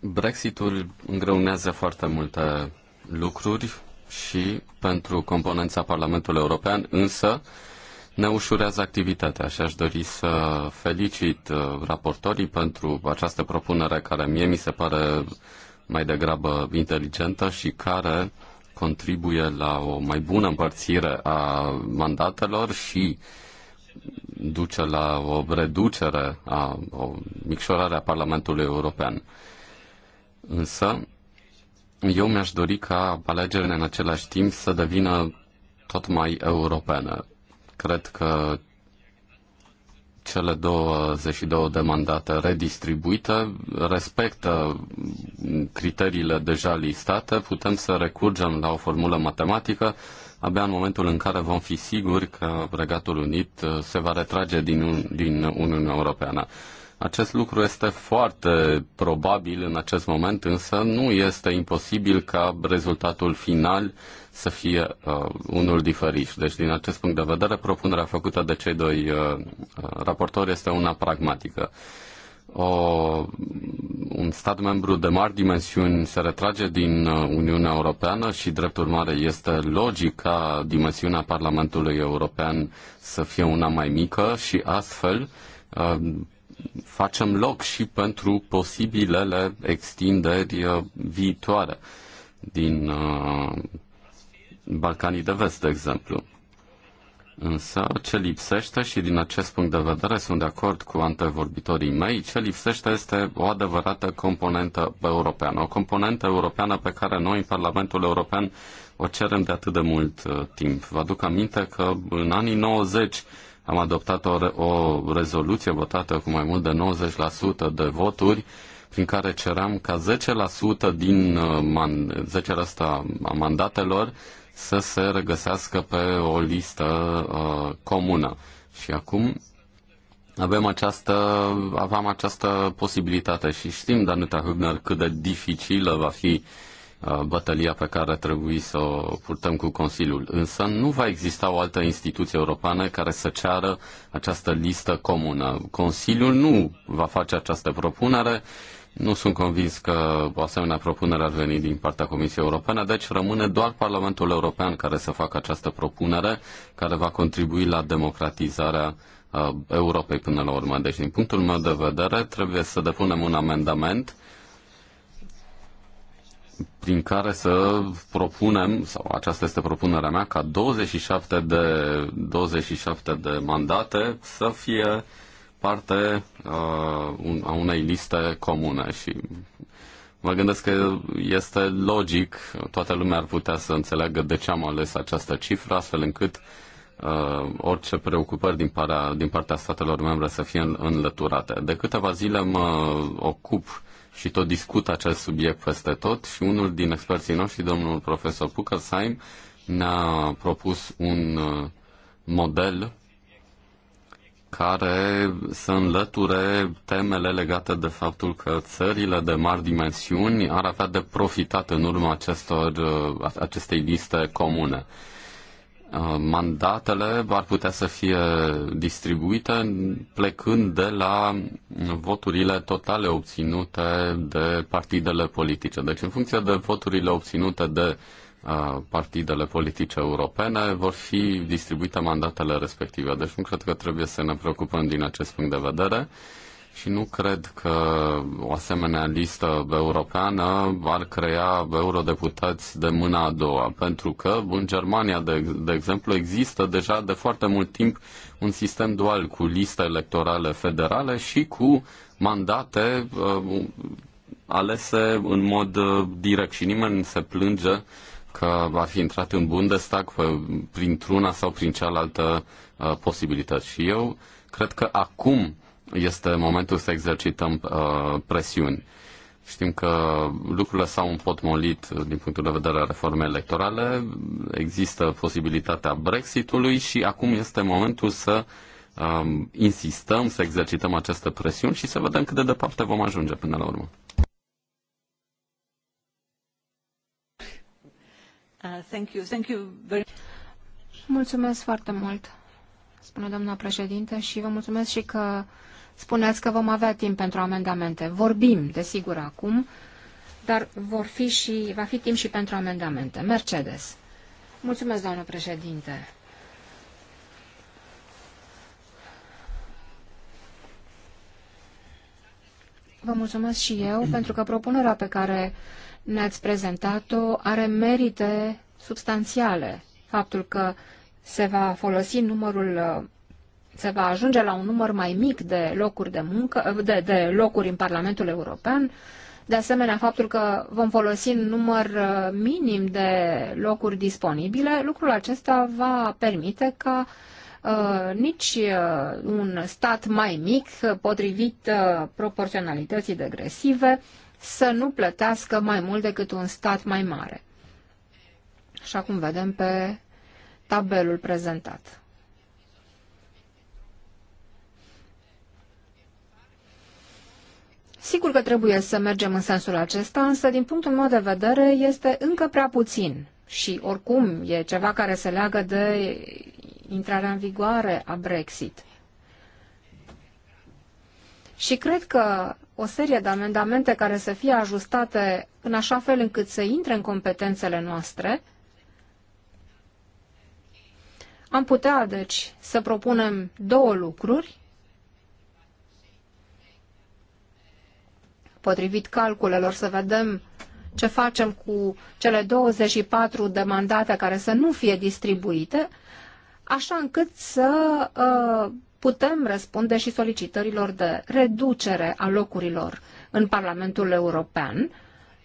S3: Brexitul îngreunează foarte multe lucruri, și pentru componența Parlamentului European, însă ne ușurează activitatea și aș dori să felicit uh, raportorii pentru această propunere care mie mi se pare mai degrabă inteligentă și care contribuie la o mai bună împărțire a mandatelor și duce la o reducere, a, o micșorare a Parlamentului European. Însă, eu mi-aș dori ca alegerile în același timp să devină tot mai europene. Cred că cele 22 de mandate redistribuite respectă criteriile deja listate, putem să recurgem la o formulă matematică abia în momentul în care vom fi siguri că Regatul Unit se va retrage din, din Uniunea Europeană. Acest lucru este foarte probabil în acest moment, însă nu este imposibil ca rezultatul final să fie uh, unul diferit. Deci, din acest punct de vedere, propunerea făcută de cei doi uh, uh raportori este una pragmatică. O, un stat membru de mari dimensiuni se retrage din uh, Uniunea Europeană și, drept urmare, este logic ca dimensiunea Parlamentului European să fie una mai mică și, astfel, uh, facem loc și pentru posibilele extinderi uh, viitoare din uh, Balcanii de Vest, de exemplu. Însă ce lipsește și din acest punct de vedere sunt de acord cu antevorbitorii mei, ce lipsește este o adevărată componentă europeană, o componentă europeană pe care noi în Parlamentul European o cerem de atât de mult uh, timp. Vă aduc aminte că în anii 90 am adoptat o, o rezoluție votată cu mai mult de 90% de voturi prin care ceram ca 10% din uh, man, 10% a mandatelor să se regăsească pe o listă uh, comună. Și acum avem această, aveam această posibilitate și știm, Danuta Hübner, cât de dificilă va fi uh, Uh, bătălia pe care trebuie să o purtăm cu Consiliul. Însă nu va exista o altă instituție europeană care să ceară această listă comună. Consiliul nu va face această propunere. Nu sunt convins că o asemenea propunere ar veni din partea Comisiei Europene, deci rămâne doar Parlamentul European care să facă această propunere, care va contribui la democratizarea uh, Europei până la urmă. Deci, din punctul meu de vedere, trebuie să depunem un amendament prin care să propunem, sau aceasta este propunerea mea, ca 27 de, 27 de mandate să fie parte uh, un, a unei liste comune și mă gândesc că este logic, toată lumea ar putea să înțeleagă de ce am ales această cifră, astfel încât uh, orice preocupări din, para, din partea statelor membre să fie înlăturate. De câteva zile mă ocup și tot discută acest subiect peste tot și unul din experții noștri, domnul profesor Puckersheim, ne-a propus un uh, model care să înlăture temele legate de faptul că țările de mari dimensiuni ar avea de profitat în urma acestor, uh, acestei liste comune. Uh, mandatele ar putea să fie distribuite plecând de la voturile totale obținute de partidele politice. Deci în funcție de voturile obținute de uh, partidele politice europene vor fi distribuite mandatele respective. Deci nu cred că trebuie să ne preocupăm din acest punct de vedere. Uh, și nu cred că o asemenea listă europeană ar crea eurodeputați de mâna a doua, pentru că în Germania, de, de exemplu, există deja de foarte mult timp un sistem dual cu liste electorale federale și cu mandate uh, alese în mod uh, direct și nimeni nu se plânge că va fi intrat în Bundestag printr-una sau prin cealaltă uh, posibilități. Și eu cred că acum uh, este momentul să exercităm uh, presiuni. Știm că lucrurile s-au împotmolit din punctul de vedere al reformei electorale, există posibilitatea Brexitului și acum este momentul să um, insistăm, să exercităm aceste presiuni și să vedem cât de departe vom ajunge până la urmă.
S1: Uh, thank you. Thank you very...
S4: Mulțumesc foarte mult, spune doamna președinte, și vă mulțumesc și că Spuneați că vom avea timp pentru amendamente. Vorbim, desigur, acum, dar vor fi și, va fi timp și pentru amendamente. Mercedes. Mulțumesc, doamnă președinte. Vă mulțumesc și eu pentru că propunerea pe care ne-ați prezentat-o are merite substanțiale. Faptul că se va folosi numărul se va ajunge la un număr mai mic de locuri de muncă, de, de locuri în Parlamentul European, de asemenea, faptul că vom folosi un număr uh, minim de locuri disponibile, lucrul acesta va permite ca uh, nici uh, un stat mai mic, potrivit uh, proporționalității degresive, să nu plătească mai mult decât un stat mai mare. Așa cum vedem pe tabelul prezentat. Sigur că trebuie să mergem în sensul acesta, însă din punctul meu de vedere este încă prea puțin și oricum e ceva care se leagă de intrarea în vigoare a Brexit. Și cred că o serie de amendamente care să fie ajustate în așa fel încât să intre în competențele noastre, am putea, deci, să propunem două lucruri potrivit calculelor, să vedem ce facem cu cele 24 de mandate care să nu fie distribuite, așa încât să uh, putem răspunde și solicitărilor de reducere a locurilor în Parlamentul European,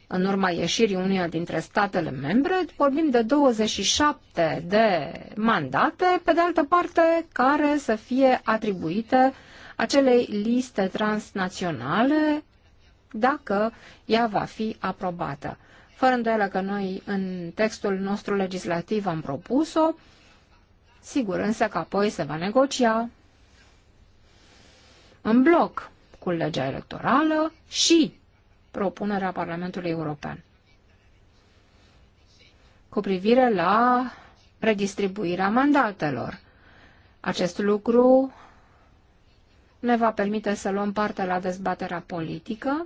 S4: în urma ieșirii uneia dintre statele membre, vorbim de 27 de mandate, pe de altă parte, care să fie atribuite acelei liste transnaționale dacă ea va fi aprobată. Fără îndoială că noi în textul nostru legislativ am propus-o, sigur însă că apoi se va negocia în bloc cu legea electorală și propunerea Parlamentului European cu privire la redistribuirea mandatelor. Acest lucru ne va permite să luăm parte la dezbaterea politică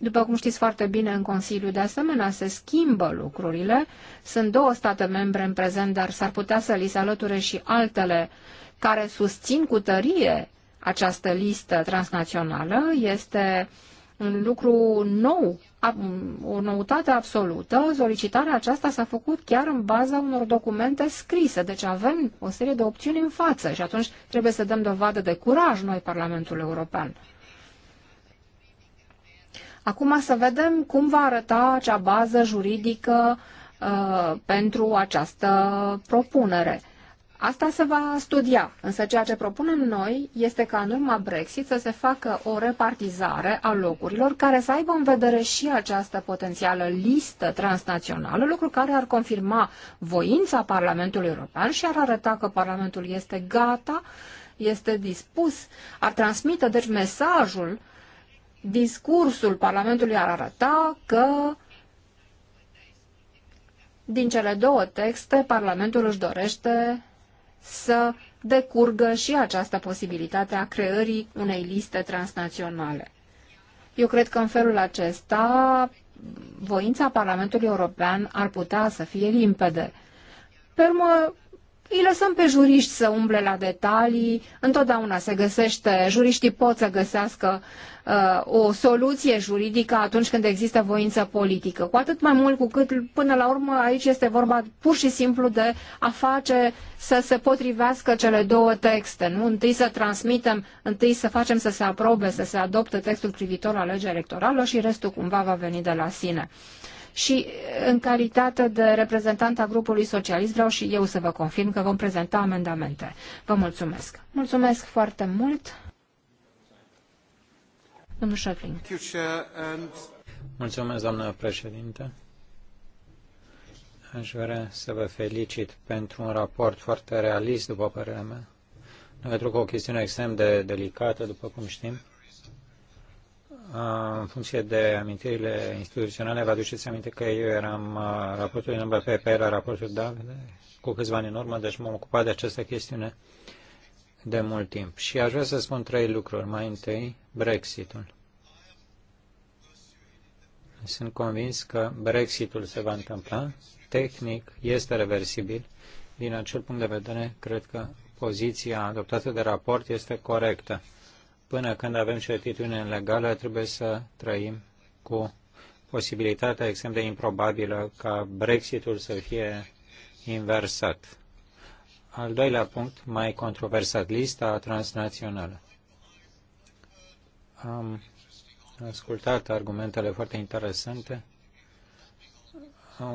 S4: după cum știți foarte bine, în Consiliu de asemenea se schimbă lucrurile. Sunt două state membre în prezent, dar s-ar putea să li se alăture și altele care susțin cu tărie această listă transnațională. Este un lucru nou, o noutate absolută. Solicitarea aceasta s-a făcut chiar în baza unor documente scrise, deci avem o serie de opțiuni în față și atunci trebuie să dăm dovadă de curaj noi, Parlamentul European. Acum să vedem cum va arăta acea bază juridică uh, pentru această propunere. Asta se va studia, însă ceea ce propunem noi este ca în urma Brexit să se facă o repartizare a locurilor care să aibă în vedere și această potențială listă transnațională, lucru care ar confirma voința Parlamentului European și ar arăta că Parlamentul este gata, este dispus, ar transmite deci mesajul discursul Parlamentului ar arăta că din cele două texte Parlamentul își dorește să decurgă și această posibilitate a creării unei liste transnaționale. Eu cred că în felul acesta voința Parlamentului European ar putea să fie limpede. Pe urmă, îi lăsăm pe juriști să umble la detalii, întotdeauna se găsește, juriștii pot să găsească uh, o soluție juridică atunci când există voință politică. Cu atât mai mult cu cât până la urmă aici este vorba pur și simplu de a face să se potrivească cele două texte. Nu întâi să transmitem, întâi să facem să se aprobe, să se adopte textul privitor la legea electorală și restul cumva va veni de la sine. Uh, și în calitate de reprezentant a grupului socialist vreau și eu să vă confirm că vom prezenta amendamente. Vă mulțumesc. Mulțumesc foarte mult.
S1: Domnul Șefling.
S2: Mulțumesc, doamnă președinte. Aș vrea să vă felicit pentru un raport foarte realist, după părerea mea, pentru că o chestiune extrem de delicată, după cum știm în funcție de amintirile instituționale, vă aduceți aminte că eu eram raportul din MBPP la raportul Davide cu câțiva ani în urmă, deci m-am ocupat de această chestiune de mult timp. Și aș vrea să spun trei lucruri. Mai întâi, Brexitul. Sunt convins că Brexitul se va întâmpla. Tehnic este reversibil. Din acel punct de vedere, cred că poziția adoptată de raport este corectă Până când avem certitudine legală, trebuie să trăim cu posibilitatea extrem de improbabilă ca Brexitul să fie inversat. Al doilea punct, mai controversat, lista transnațională. Am ascultat argumentele foarte interesante,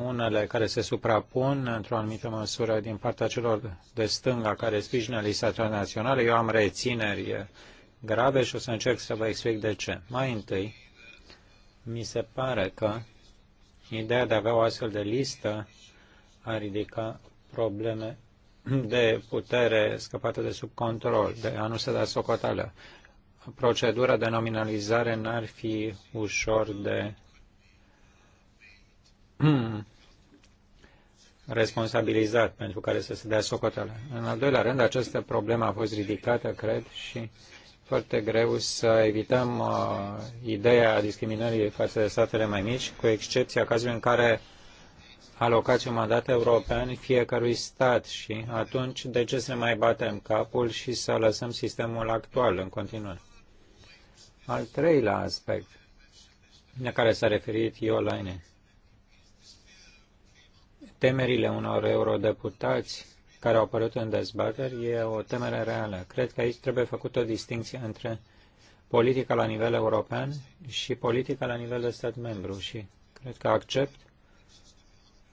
S2: unele care se suprapun într-o anumită măsură din partea celor de stânga care sprijină lista transnațională. Eu am rețineri grave și o să încerc să vă explic de ce. Mai întâi, mi se pare că ideea de a avea o astfel de listă a ridica probleme de putere scăpată de sub control, de a nu se da socoteală. Procedura de nominalizare n-ar fi ușor de responsabilizat pentru care să se dea socoteală. În al doilea rând, această problemă a fost ridicată, cred, și foarte greu să evităm uh, ideea discriminării față de statele mai mici, cu excepția cazului în care alocați un mandat european fiecărui stat și atunci de ce să ne mai batem capul și să lăsăm sistemul actual în continuare? Al treilea aspect la care s-a referit Iolaine, temerile unor eurodeputați care au apărut în dezbateri e o temere reală. Cred că aici trebuie făcută o distinție între politica la nivel european și politica la nivel de stat membru și cred că accept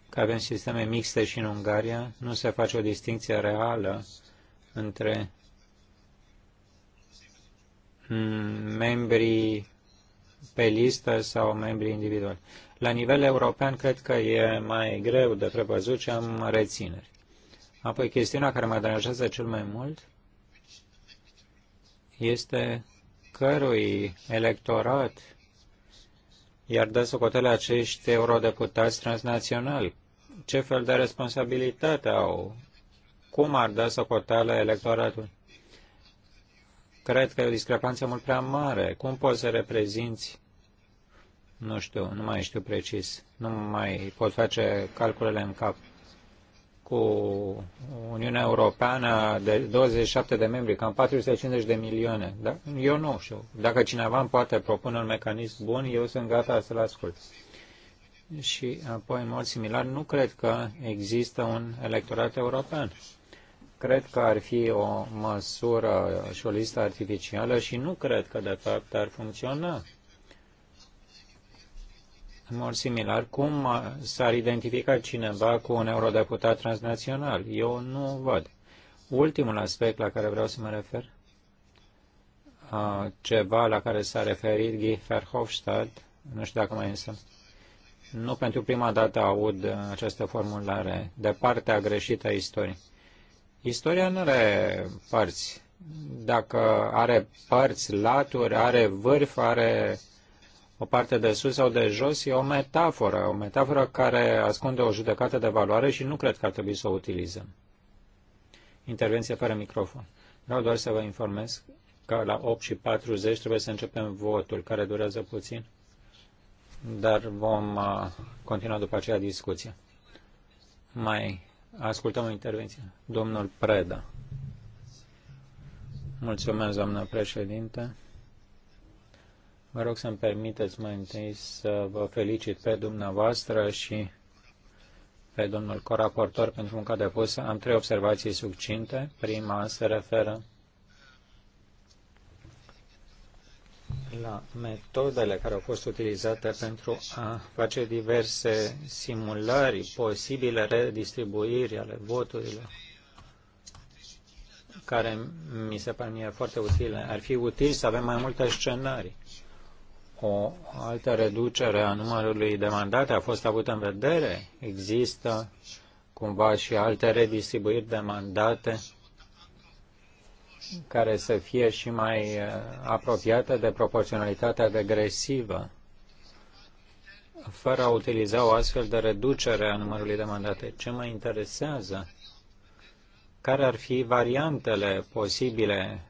S2: că avem sisteme mixte și în Ungaria, nu se face o distinție reală între membrii pe listă sau membrii individuali. La nivel european, cred că e mai greu de prevăzut ce am rețineri. Apoi, chestiunea care mă deranjează cel mai mult este cărui electorat iar dă da socotele acești eurodeputați transnaționali. Ce fel de responsabilitate au? Cum ar da socoteală electoratul? Cred că e o discrepanță mult prea mare. Cum poți să reprezinți? Nu știu, nu mai știu precis. Nu mai pot face calculele în cap cu Uniunea Europeană de 27 de membri, cam 450 de milioane. Da? Eu nu știu. Dacă cineva îmi poate propune un mecanism bun, eu sunt gata să-l ascult. Și apoi, în mod similar, nu cred că există un electorat european. Cred că ar fi o măsură și o listă artificială și nu cred că, de fapt, ar funcționa în mod similar, cum s-ar identifica cineva cu un eurodeputat transnațional? Eu nu văd. Ultimul aspect la care vreau să mă refer, ceva la care s-a referit Guy Verhofstadt, nu știu dacă mai însă, nu pentru prima dată aud această formulare de partea greșită a istoriei. Istoria nu are părți. Dacă are părți, laturi, are vârf, are o parte de sus sau de jos, e o metaforă, o metaforă care ascunde o judecată de valoare și nu cred că ar trebui să o utilizăm. Intervenție fără microfon. Vreau doar să vă informez că la 8 și 40 trebuie să începem votul, care durează puțin, dar vom uh, continua după aceea discuția. Mai ascultăm o intervenție. Domnul Preda. Mulțumesc, doamnă președinte. Mă rog să-mi permiteți mai întâi să vă felicit pe dumneavoastră și pe domnul coraportor pentru munca depusă. Am trei observații succinte. Prima se referă la metodele care au fost utilizate pentru a face diverse simulări, posibile redistribuiri ale voturilor, care mi se par mie foarte utile. Ar fi util să avem mai multe scenarii o altă reducere a numărului de mandate a fost avută în vedere? Există cumva și alte redistribuiri de mandate care să fie și mai uh, apropiate de proporționalitatea degresivă, fără a utiliza o astfel de reducere a numărului de mandate. Ce mă interesează? Care ar fi variantele posibile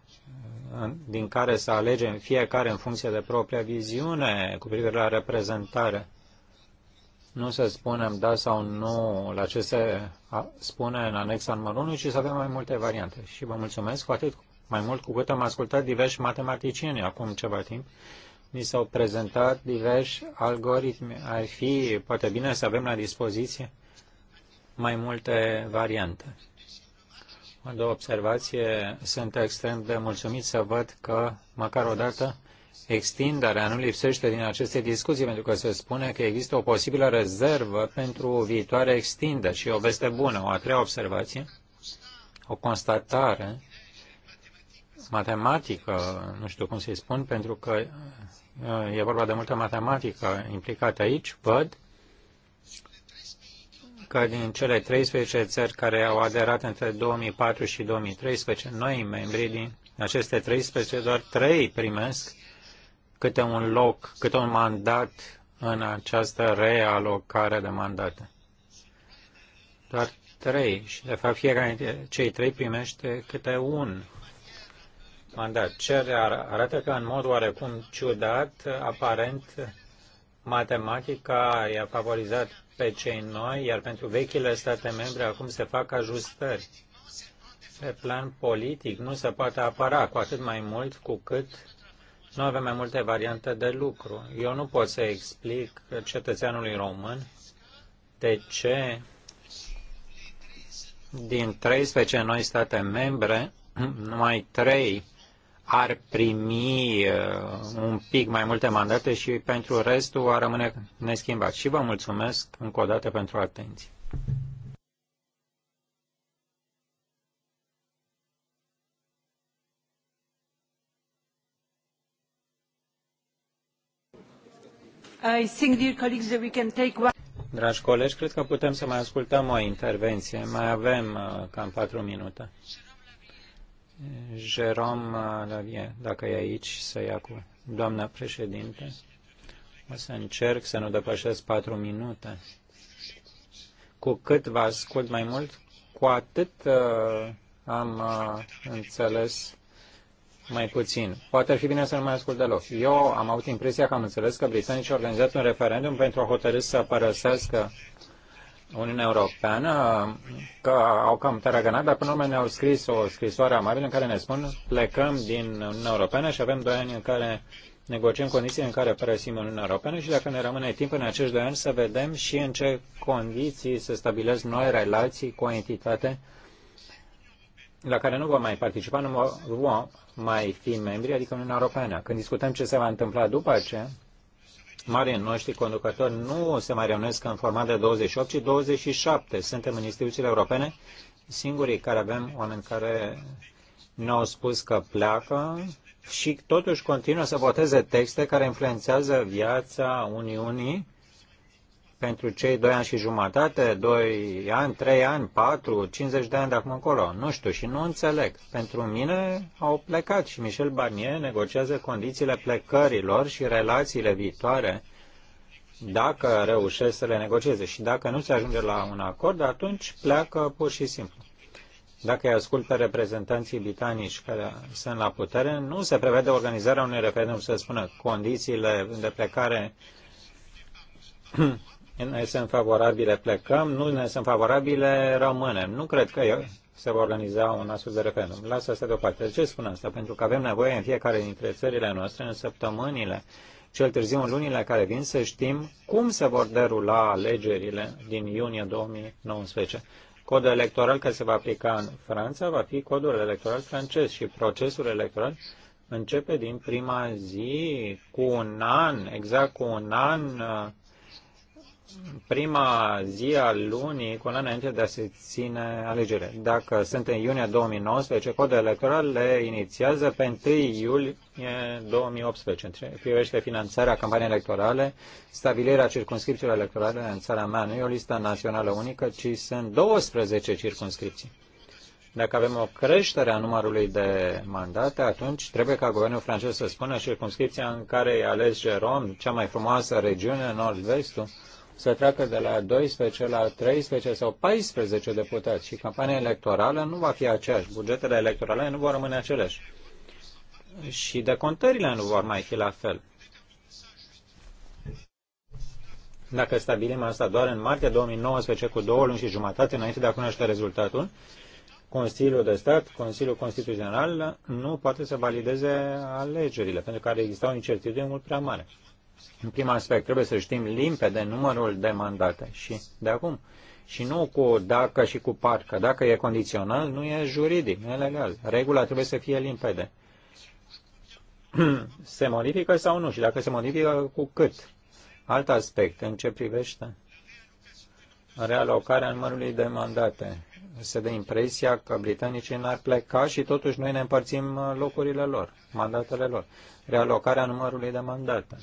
S2: din care să alegem fiecare în funcție de propria viziune cu privire la reprezentare. Nu să spunem da sau nu la ce se spune în anexa numărul 1, ci să avem mai multe variante. Și vă mulțumesc cu atât mai mult cu cât am ascultat diversi matematicieni acum ceva timp. Mi s-au prezentat diversi algoritmi. Ar fi poate bine să avem la dispoziție mai multe variante. Două observație. Sunt extrem de mulțumit să văd că, măcar o dată, extinderea nu lipsește din aceste discuții, pentru că se spune că există o posibilă rezervă pentru viitoare extindere și o veste bună. O a treia observație, o constatare matematică, nu știu cum să-i spun, pentru că uh, e vorba de multă matematică implicată aici, văd că din cele 13 țări care au aderat între 2004 și 2013, noi membri din aceste 13, doar 3 primesc câte un loc, câte un mandat în această realocare de mandate. Doar 3 și de fapt fiecare dintre cei 3 primește câte un mandat. Ce arată că în mod oarecum ciudat, aparent, matematica i-a favorizat pe cei noi, iar pentru vechile state membre acum se fac ajustări. Pe plan politic nu se poate apăra cu atât mai mult cu cât nu avem mai multe variante de lucru. Eu nu pot să explic cetățeanului român de ce din 13 noi state membre, numai 3 ar primi uh, un pic mai multe mandate și pentru restul ar rămâne neschimbat. Și vă mulțumesc încă o dată pentru atenție.
S1: I think, dear colleagues, that we can take one...
S2: Dragi colegi, cred că putem să mai ascultăm o intervenție. Mai avem uh, cam patru minute. Jerome Lavie, uh, dacă e aici, să ia cu doamna președinte. O să încerc să nu depășesc patru minute. Cu cât vă ascult mai mult, cu atât uh, am uh, înțeles mai puțin. Poate ar fi bine să nu mai ascult deloc. Eu am avut impresia că am înțeles că britanicii au organizat un referendum pentru a hotărâ să părăsească Uniunea Europeană că au cam taraganat, dar până la urmă ne-au scris o scrisoare amabilă în care ne spun plecăm din Uniunea Europeană și avem doi ani în care negociem condiții în care părăsim Uniunea Europeană și dacă ne rămâne timp în acești doi ani să vedem și în ce condiții se stabilesc noi relații cu o entitate la care nu vom mai participa, nu vom mai fi membri, adică Uniunea Europeană. Când discutăm ce se va întâmpla după aceea, mari noștri conducători nu se mai reunesc în format de 28, ci 27. Suntem în instituțiile europene singurii care avem oameni care ne-au spus că pleacă și totuși continuă să voteze texte care influențează viața Uniunii pentru cei doi ani și jumătate, doi ani, trei ani, patru, 50 de ani de acum încolo. Nu știu și nu înțeleg. Pentru mine au plecat și Michel Barnier negociază condițiile plecărilor și relațiile viitoare dacă reușesc să le negocieze și dacă nu se ajunge la un acord, atunci pleacă pur și simplu. Dacă îi ascult pe reprezentanții britanici care sunt la putere, nu se prevede organizarea unui referendum să spună condițiile de plecare ne sunt favorabile, plecăm, nu ne sunt favorabile, rămânem. Nu cred că eu se va organiza un astfel de referendum. Lasă asta deoparte. De ce spun asta? Pentru că avem nevoie în fiecare dintre țările noastre, în săptămânile, cel târziu în lunile care vin, să știm cum se vor derula alegerile din iunie 2019. Codul electoral care se va aplica în Franța va fi codul electoral francez și procesul electoral începe din prima zi, cu un an, exact cu un an uh, prima zi a lunii, cu luna înainte de a se ține alegerile. Dacă sunt în iunie 2019, codul electoral le inițiază pe 1 iulie 2018. Privește finanțarea campaniei electorale, stabilirea circunscripțiilor electorale în țara mea. Nu e o listă națională unică, ci sunt 12 circunscripții. Dacă avem o creștere a numărului de mandate, atunci trebuie ca guvernul francez să spună circunscripția în care e ales Jerome, cea mai frumoasă regiune, nord-vestul, să treacă de la 12 la 13 sau 14 deputați și campania electorală nu va fi aceeași. Bugetele electorale nu vor rămâne aceleași. Și de contările nu vor mai fi la fel. Dacă stabilim asta doar în martie 2019 cu două luni și jumătate înainte de a cunoaște rezultatul, Consiliul de Stat, Consiliul Constituțional nu poate să valideze alegerile, pentru că ar exista o incertitudine mult prea mare. În primul aspect, trebuie să știm limpede numărul de mandate și de acum. Și nu cu dacă și cu parcă. Dacă e condițional, nu e juridic, nu e legal. Regula trebuie să fie limpede. se modifică sau nu? Și dacă se modifică, cu cât? Alt aspect, în ce privește realocarea numărului de mandate. Se dă impresia că britanicii n-ar pleca și totuși noi ne împărțim locurile lor, mandatele lor. Realocarea numărului de mandate.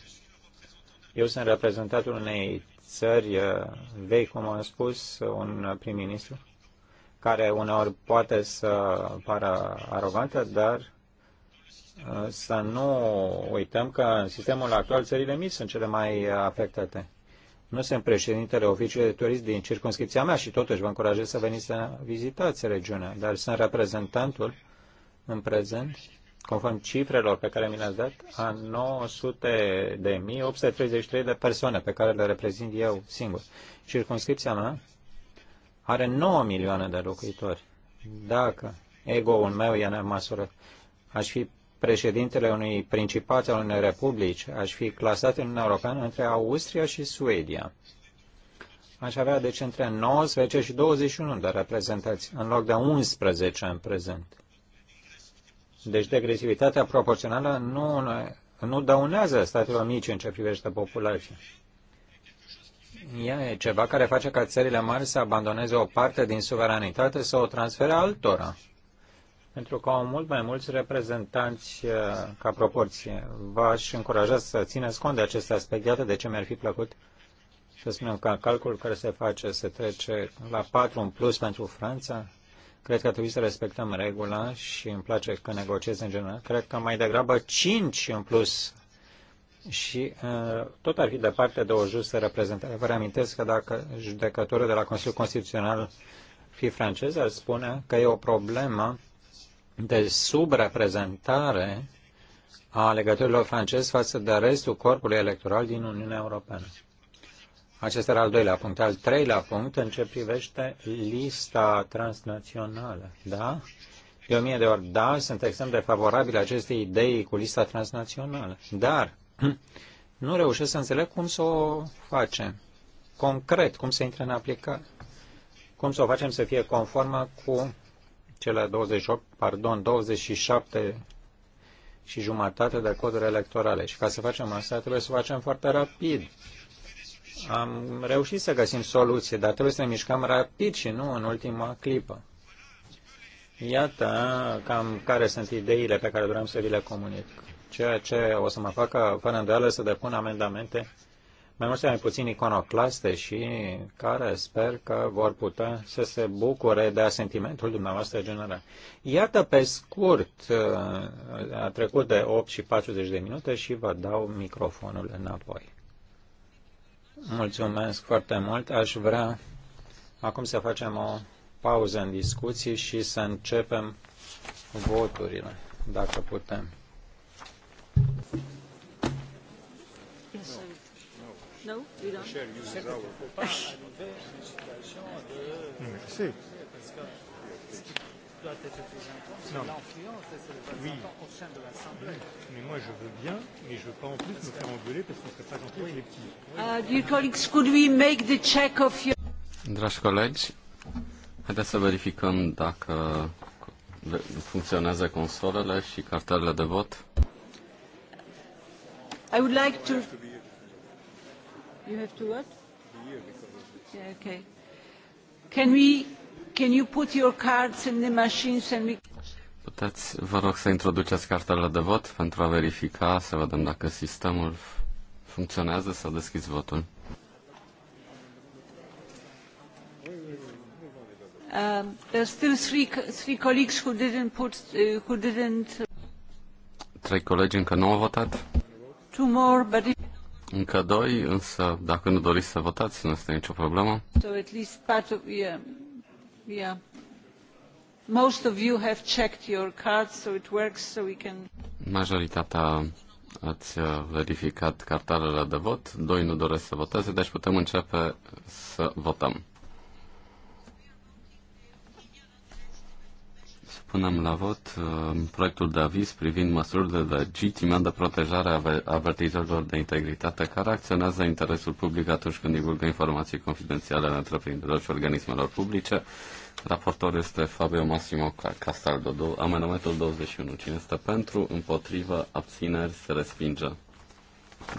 S2: Eu sunt reprezentantul unei țări uh, vei, cum am spus, un prim-ministru, care uneori poate să pară arogantă, dar uh, să nu uităm că în sistemul actual țările mici sunt cele mai afectate. Nu sunt președintele oficiului de turism din circunscripția mea și totuși vă încurajez să veniți să vizitați regiunea, dar sunt reprezentantul în prezent Conform cifrelor pe care mi le-ați dat, a 900 de mii, 833 de persoane pe care le reprezint eu singur. Circunscripția mea are 9 milioane de locuitori. Dacă ego-ul meu e în măsură, aș fi președintele unui principat al unei republici, aș fi clasat în Uniunea Europeană între Austria și Suedia. Aș avea deci între 19 și 21 de reprezentați, în loc de 11 în prezent. Deci degresivitatea proporțională nu, nu dăunează statelor mici în ce privește populația. Ea e ceva care face ca țările mari să abandoneze o parte din suveranitate sau o transfere altora. Pentru că au mult mai mulți reprezentanți uh, ca proporție. V-aș încuraja să țineți cont de acest aspect. Iată de ce mi-ar fi plăcut să spunem că calculul care se face se trece la 4 în plus pentru Franța, Cred că trebuie să respectăm regula și îmi place că negociez în general. Cred că mai degrabă 5 în plus și uh, tot ar fi departe de o justă reprezentare. Vă reamintesc că dacă judecătorul de la Consiliul Constituțional fi francez, ar spune că e o problemă de subreprezentare a legăturilor francezi față de restul corpului electoral din Uniunea Europeană. Acesta era al doilea punct. Al treilea punct, în ce privește lista transnațională. Da? De o mie de ori, da, sunt extrem de favorabile acestei idei cu lista transnațională. Dar nu reușesc să înțeleg cum să o facem. Concret, cum să intre în aplicare. Cum să o facem să fie conformă cu cele 28, pardon, 27 și jumătate de coduri electorale. Și ca să facem asta, trebuie să o facem foarte rapid am reușit să găsim soluție, dar trebuie să ne mișcăm rapid și nu în ultima clipă. Iată cam care sunt ideile pe care doream să vi le comunic. Ceea ce o să mă facă fără îndoială să depun amendamente mai mult sau mai puțin iconoclaste și care sper că vor putea să se bucure de asentimentul dumneavoastră general. Iată pe scurt, a trecut de 8 și 40 de minute și vă dau microfonul înapoi. Mulțumesc foarte mult. Aș vrea acum să facem o pauză în discuții și să începem voturile, dacă putem.
S1: no, we don't. doit être pris en compte, c'est l'influence de ces représentants oui. au sein de l'Assemblée. Oui.
S2: Mais moi, je veux bien, mais je ne veux pas en plus me faire engueuler parce qu'on ne serait pas gentil avec les petits. Uh, dear colleagues, could
S1: we make the check of your...
S3: Dragi colegi, haideți să verificăm dacă funcționează consolele și cartelele de vot.
S1: I would like to... You have to what? Yeah, okay. Can we Can you put your cards in the machines and we...
S3: Puteți, vă rog, să introduceți cartele de vot pentru a verifica, să vedem dacă sistemul funcționează, să deschizi votul.
S1: Uh, um, are still three, three colleagues who didn't put, uh, who didn't... Uh,
S3: Trei colegi încă nu au votat.
S1: Two more, but if...
S3: Încă doi, însă dacă nu doriți să votați, nu este nicio problemă.
S1: So at least part of, yeah.
S3: Majoritatea ați uh, verificat cartelele de vot. Doi nu doresc să voteze, deci putem începe să votăm. Punem la vot uh, proiectul de aviz privind de legitimă de protejare a avertizorilor de integritate care acționează interesul public atunci când divulgă informații confidențiale ale întreprinderilor și organismelor publice. Raportor este Fabio Massimo Castaldo, amenamentul 21. Cine este pentru, împotrivă, abțineri, se respinge.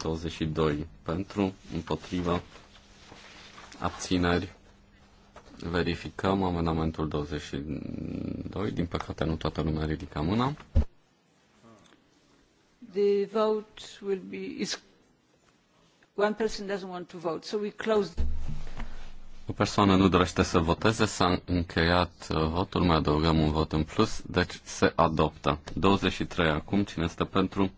S3: 22. Pentru, împotrivă, abțineri, Verificăm amendamentul 22. Din păcate, nu toată lumea ridică mâna.
S1: The vote will be is one person doesn't want to vote, so we close.
S3: O persoană nu dorește să voteze, s-a încheiat uh, votul, mai adăugăm un vot în plus, deci se adoptă. 23 acum, cine este pentru?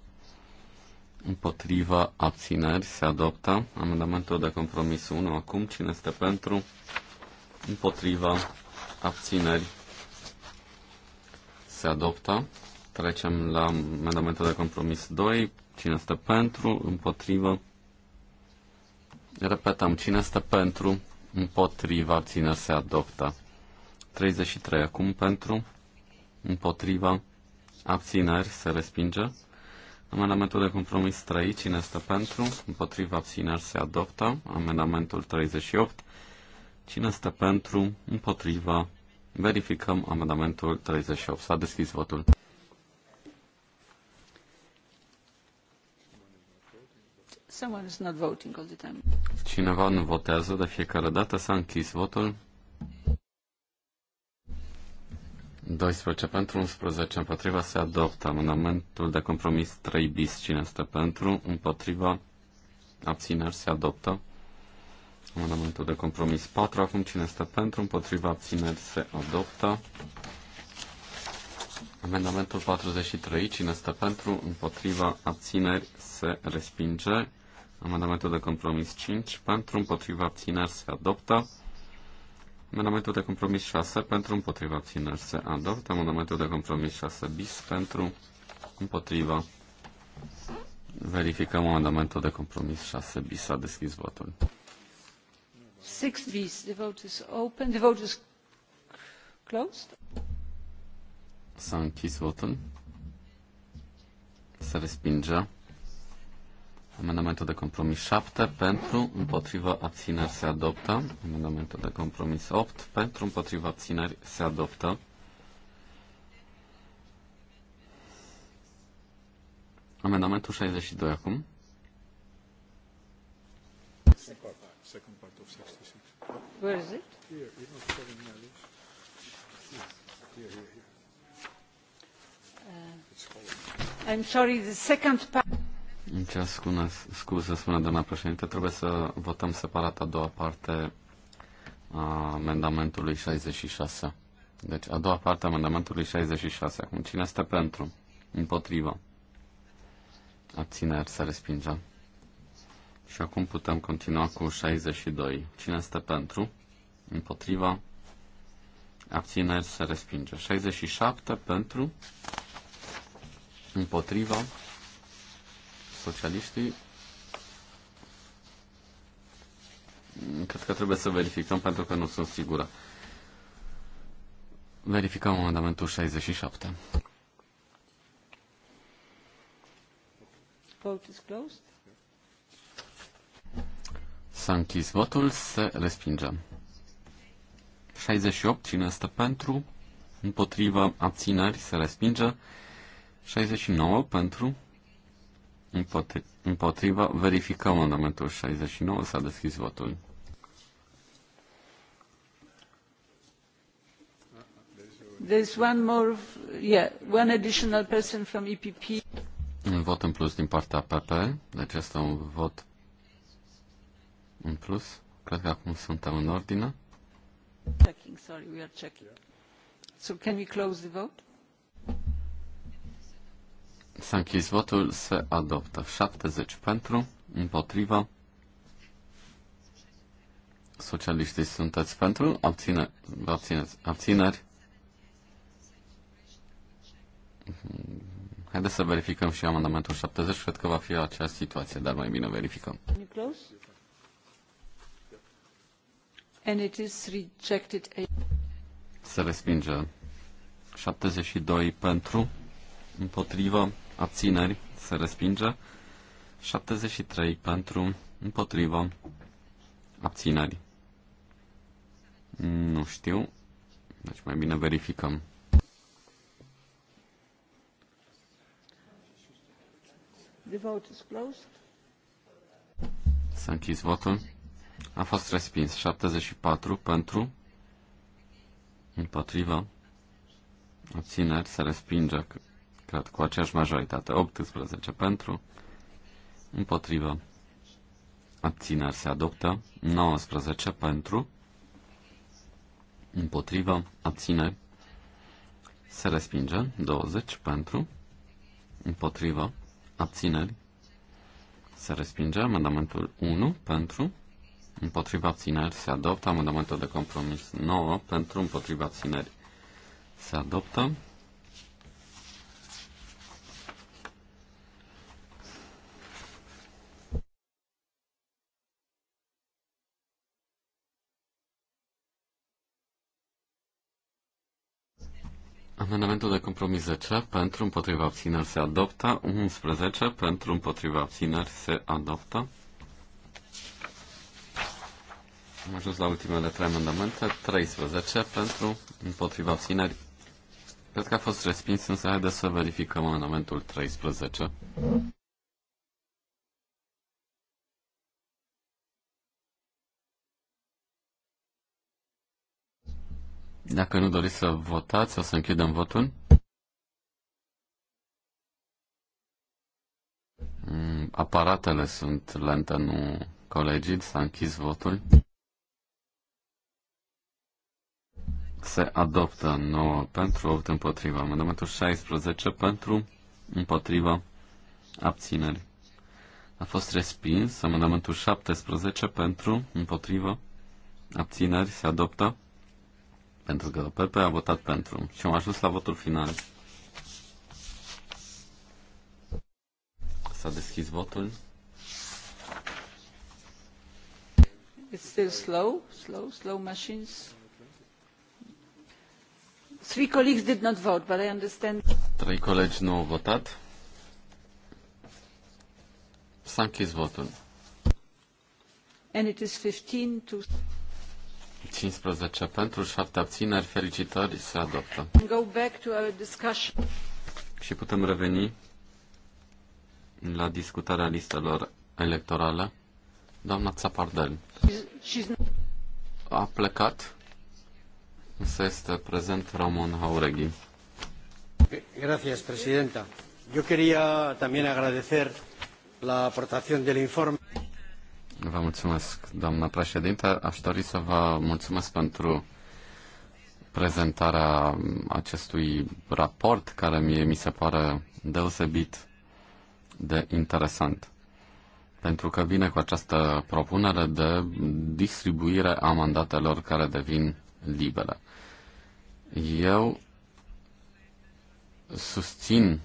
S3: Împotriva abțineri se adoptă amendamentul de compromis 1. Acum cine este pentru? împotriva, abțineri, se adoptă. Trecem la amendamentul de compromis 2. Cine este pentru, împotrivă. Repetăm, cine este pentru, împotriva, abțineri, se adoptă. 33 acum pentru, împotriva, abțineri, se respinge. Amendamentul de compromis 3, cine este pentru, împotriva abțineri se adoptă. Amendamentul 38, Cine este pentru? Împotriva? Verificăm amendamentul 38. S-a deschis votul.
S1: Someone is not voting all the time.
S3: Cineva nu votează de fiecare dată. S-a închis votul. 12 pentru, 11 împotriva. Se adoptă amendamentul de compromis 3 bis. Cine este pentru? Împotriva? Abțineri se adoptă. Amendamentul de compromis 4. Acum cine este pentru, împotriva abțineri se adoptă. Amendamentul 43. Cine este pentru, împotriva abțineri se respinge. Amendamentul de compromis 5. Pentru, împotriva abțineri se adoptă. Amendamentul de compromis 6 pentru împotriva abțineri se adoptă. Amendamentul de compromis 6 bis pentru împotriva. Verificăm amendamentul de compromis 6 bis. S-a deschis votul.
S1: Six The vote is open. The vote is closed.
S3: S-a închis votul. Se respinge. Amendamentul de compromis 7 pentru, împotriva abțineri se adoptă. Amendamentul de compromis 8 pentru, împotriva abțineri se adoptă. Amendamentul 62 acum.
S1: Where is it? Here, uh, you're not following my Here, here, here. I'm sorry, the second part...
S3: Îmi cer scune, scuze, spune doamna președinte, trebuie să votăm separat a doua parte a amendamentului 66. Deci, a doua parte a amendamentului 66. Acum, cine este pentru? Împotriva. Abțineri să respinge. Și acum putem continua cu 62. Cine este pentru? Împotriva? Abțineri se respinge. 67 pentru? Împotriva? Socialiștii? Cred că trebuie să verificăm pentru că nu sunt sigură. Verificăm amendamentul 67.
S1: Vote is closed.
S3: S-a închis votul, se respinge. 68, cine este pentru? Împotriva abțineri, se respinge. 69 pentru. Împotriva, verificăm amendamentul 69, s-a deschis votul.
S1: There's one more, yeah, one additional person from EPP.
S3: Un vot în plus din partea PP, deci este un vot în plus. Cred că acum suntem în ordine.
S1: Checking, sorry, we are checking. So can we close the vote?
S3: S-a închis votul, se adoptă 70 pentru, împotriva. Socialiștii sunteți pentru, abține, abțineți, abțineri. Haideți să verificăm și amendamentul 70, cred că va fi aceeași situație, dar mai bine verificăm. Se respinge 72 pentru, împotrivă, abțineri, se respinge 73 pentru, împotrivă, abțineri. Nu știu, deci mai bine verificăm.
S1: The vote is closed.
S3: Să închis votul a fost respins. 74 pentru. Împotriva. Obțineri se respinge, cred, cu aceeași majoritate. 18 pentru. Împotriva. Obțineri se adoptă. 19 pentru. Împotriva. Obțineri Se respinge. 20 pentru. Împotriva. Obțineri Se respinge amendamentul 1 pentru împotriva țineri se adoptă. Amendamentul de compromis 9 pentru împotriva țineri. se adoptă. Amendamentul de compromis 10 pentru împotriva abțineri se adoptă, 11 pentru împotriva abțineri se adoptă. Am ajuns la ultimele trei amendamente. 13 pentru, împotriva abțineri. Cred că a fost respins, însă haideți să verificăm amendamentul 13. Dacă nu doriți să votați, o să închidem votul. Mm, aparatele sunt lente, nu colegii. S-a închis votul. se adoptă nouă pentru, 8 împotriva. Amendamentul 16 pentru, împotriva, abțineri. A fost respins amendamentul 17 pentru, împotriva, abțineri, se adoptă pentru că Pepe a votat pentru și am ajuns la votul final. S-a deschis votul.
S1: It's still slow, slow, slow machines. Three colleagues did not vote, but I understand.
S3: Trei colegi nu au votat. S-a închis votul.
S1: And it is 15 to
S3: 15 pentru, 7 abțineri, felicitări, se adoptă.
S1: And go back to our discussion.
S3: Și putem reveni la discutarea listelor electorale. Doamna Țapardel a plecat Însă este prezent Ramon Haureghi.
S2: Gracias, Presidenta. Yo quería también agradecer
S3: la aportación del informe. Vă mulțumesc, doamna președinte. Aș dori să vă mulțumesc pentru prezentarea acestui raport, care mie mi se pare deosebit de interesant. Pentru că vine cu această propunere de distribuire a mandatelor care devin libere. Eu susțin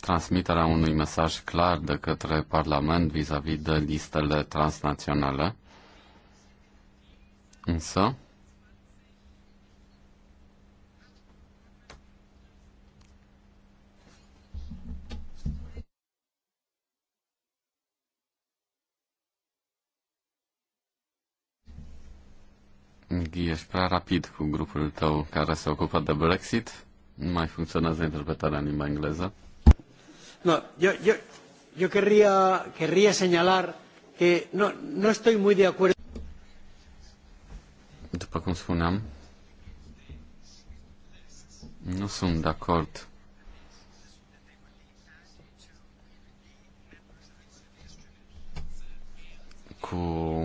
S3: transmiterea unui mesaj clar de către Parlament vis-a-vis -vis de listele transnaționale, însă ești prea rapid cu grupul tău care se ocupă de Brexit. Nu mai funcționează interpretarea în limba engleză.
S1: No, yo, yo, yo
S2: querría, querría señalar que no, no estoy muy de acuerdo.
S3: După cum spuneam, nu sunt de acord cu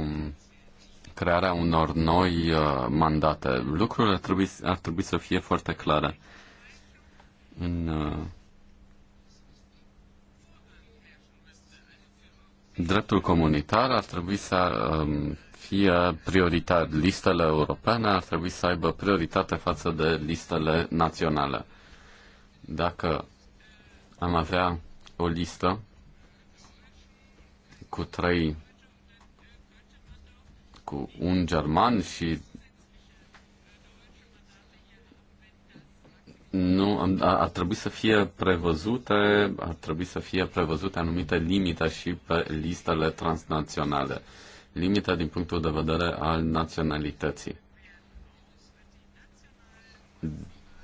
S3: crearea unor noi uh, mandate. Lucrurile ar trebui, ar trebui să fie foarte clare. În uh, dreptul comunitar ar trebui să um, fie prioritar. Listele europene ar trebui să aibă prioritate față de listele naționale. Dacă am avea o listă cu trei cu un german și nu, ar, ar trebui să fie prevăzute, ar trebui să fie prevăzute anumite limite și pe listele transnaționale. Limite din punctul de vedere al naționalității.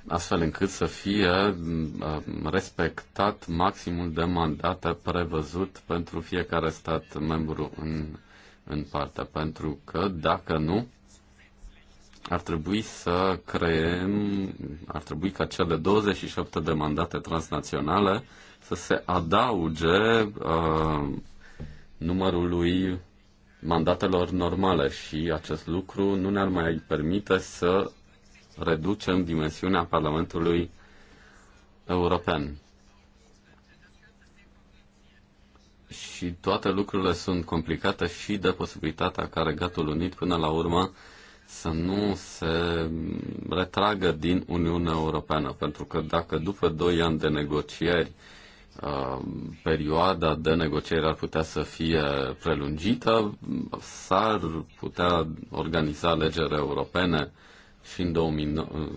S3: Astfel încât să fie mm, respectat maximul de mandate prevăzut pentru fiecare stat membru în în parte, pentru că dacă nu, ar trebui să creem, ar trebui ca cele 27 de mandate transnaționale să se adauge uh, numărului mandatelor normale și acest lucru nu ne-ar mai permite să reducem dimensiunea Parlamentului European. și toate lucrurile sunt complicate și de posibilitatea ca Regatul Unit până la urmă să nu se retragă din Uniunea Europeană, pentru că dacă după 2 ani de negocieri uh, perioada de negociere ar putea să fie prelungită, s-ar putea organiza alegeri europene și în, 2000,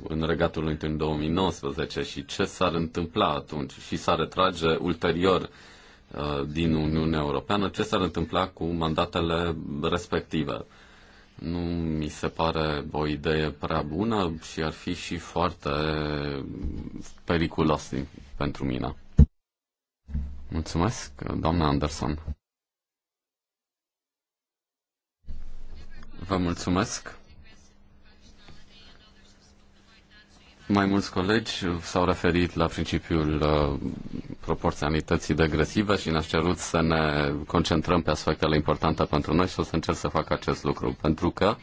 S3: în Regatul Unit în 2019 și ce s-ar întâmpla atunci și s-ar retrage ulterior Uh, din Uniunea Europeană, ce s-ar întâmpla cu mandatele respective. Nu mi se pare o idee prea bună și ar fi și foarte periculos pentru mine. Mulțumesc, doamna Anderson. Vă mulțumesc. Mai mulți colegi s-au referit la principiul uh, proporționalității degresive și ne-aș cerut să ne concentrăm pe aspectele importante pentru noi și o să încerc să fac acest lucru, pentru că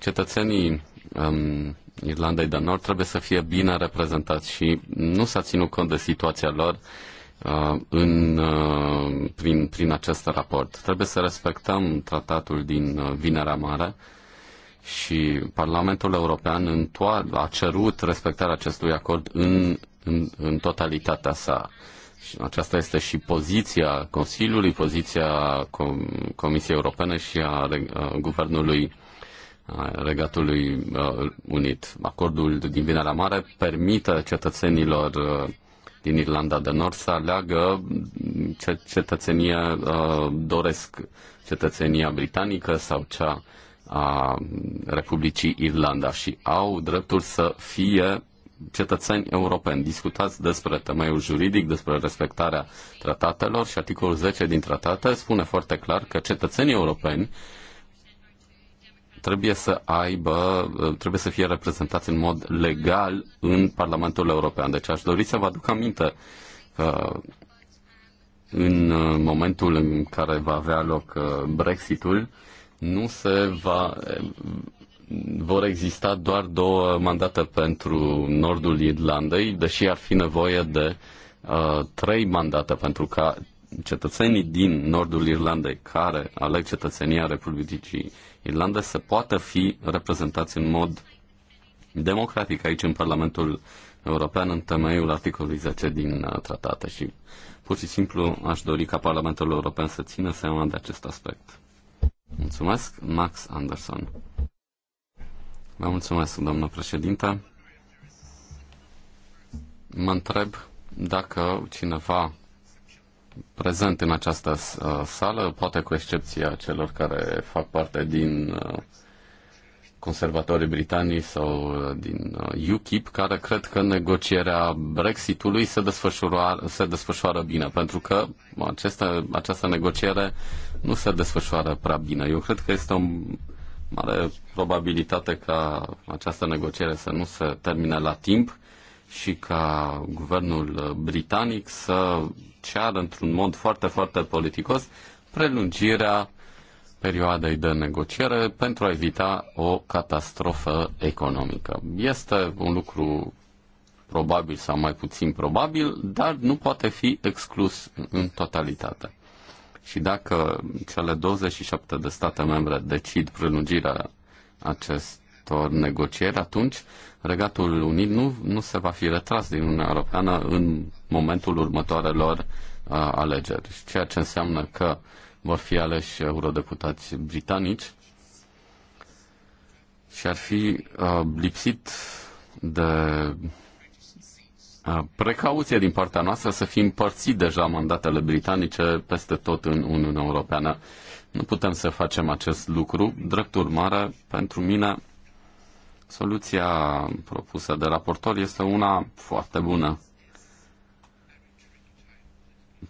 S3: cetățenii um, Irlandei de Nord trebuie să fie bine reprezentați și nu s-a ținut cont de situația lor uh, în, uh, prin, prin acest raport. Trebuie să respectăm tratatul din uh, Vinerea Mare, uh, și Parlamentul European a cerut respectarea acestui acord în, în, în totalitatea sa. Și aceasta este și poziția Consiliului, poziția Com- Comisiei Europene și a, reg- a Guvernului a Regatului a, uh, Unit. Acordul din Vinerea Mare permite cetățenilor a, uh, din Irlanda de Nord să aleagă ce cetățenie a, uh, doresc, cetățenia britanică sau cea a Republicii Irlanda și au dreptul să fie cetățeni europeni. Discutați despre temeiul juridic, despre respectarea tratatelor și articolul 10 din tratate spune foarte clar că cetățenii europeni trebuie să aibă, trebuie să fie reprezentați în mod legal în Parlamentul European. Deci aș dori să vă aduc aminte că în momentul în care va avea loc uh, Brexitul, nu se va vor exista doar două mandate pentru nordul Irlandei, deși ar fi nevoie de uh, trei mandate pentru ca cetățenii din nordul Irlandei care aleg cetățenia Republicii Irlande să poată fi reprezentați în mod democratic aici în Parlamentul European în temeiul articolului 10 din uh, tratate și pur și simplu aș dori ca Parlamentul European să țină seama de acest aspect. Mulțumesc, Max Anderson. Vă mulțumesc, domnul președinte. Mă întreb dacă cineva prezent în această uh, sală, poate cu excepția celor care fac parte din uh, conservatorii britanii sau uh, din uh, UKIP, care cred că negocierea Brexitului se desfășoară, se desfășoară bine, pentru că aceste, această negociere nu se desfășoară prea bine. Eu cred că este o mare probabilitate ca această negociere să nu se termine la timp și ca guvernul britanic să ceară într-un mod foarte, foarte politicos prelungirea perioadei de negociere pentru a evita o catastrofă economică. Este un lucru probabil sau mai puțin probabil, dar nu poate fi exclus în totalitate. Și dacă cele 27 de state membre decid prelungirea acestor negocieri, atunci Regatul Unit nu, nu se va fi retras din Uniunea Europeană în momentul următoarelor uh, alegeri. Ceea ce înseamnă că uh, vor fi aleși eurodeputați britanici și ar fi uh, lipsit de uh, precauție din partea noastră să fim împărțit deja mandatele britanice peste tot în Uniunea Europeană. Nu putem să facem acest lucru. Drept urmare, pentru mine, soluția propusă de raportor este una foarte bună.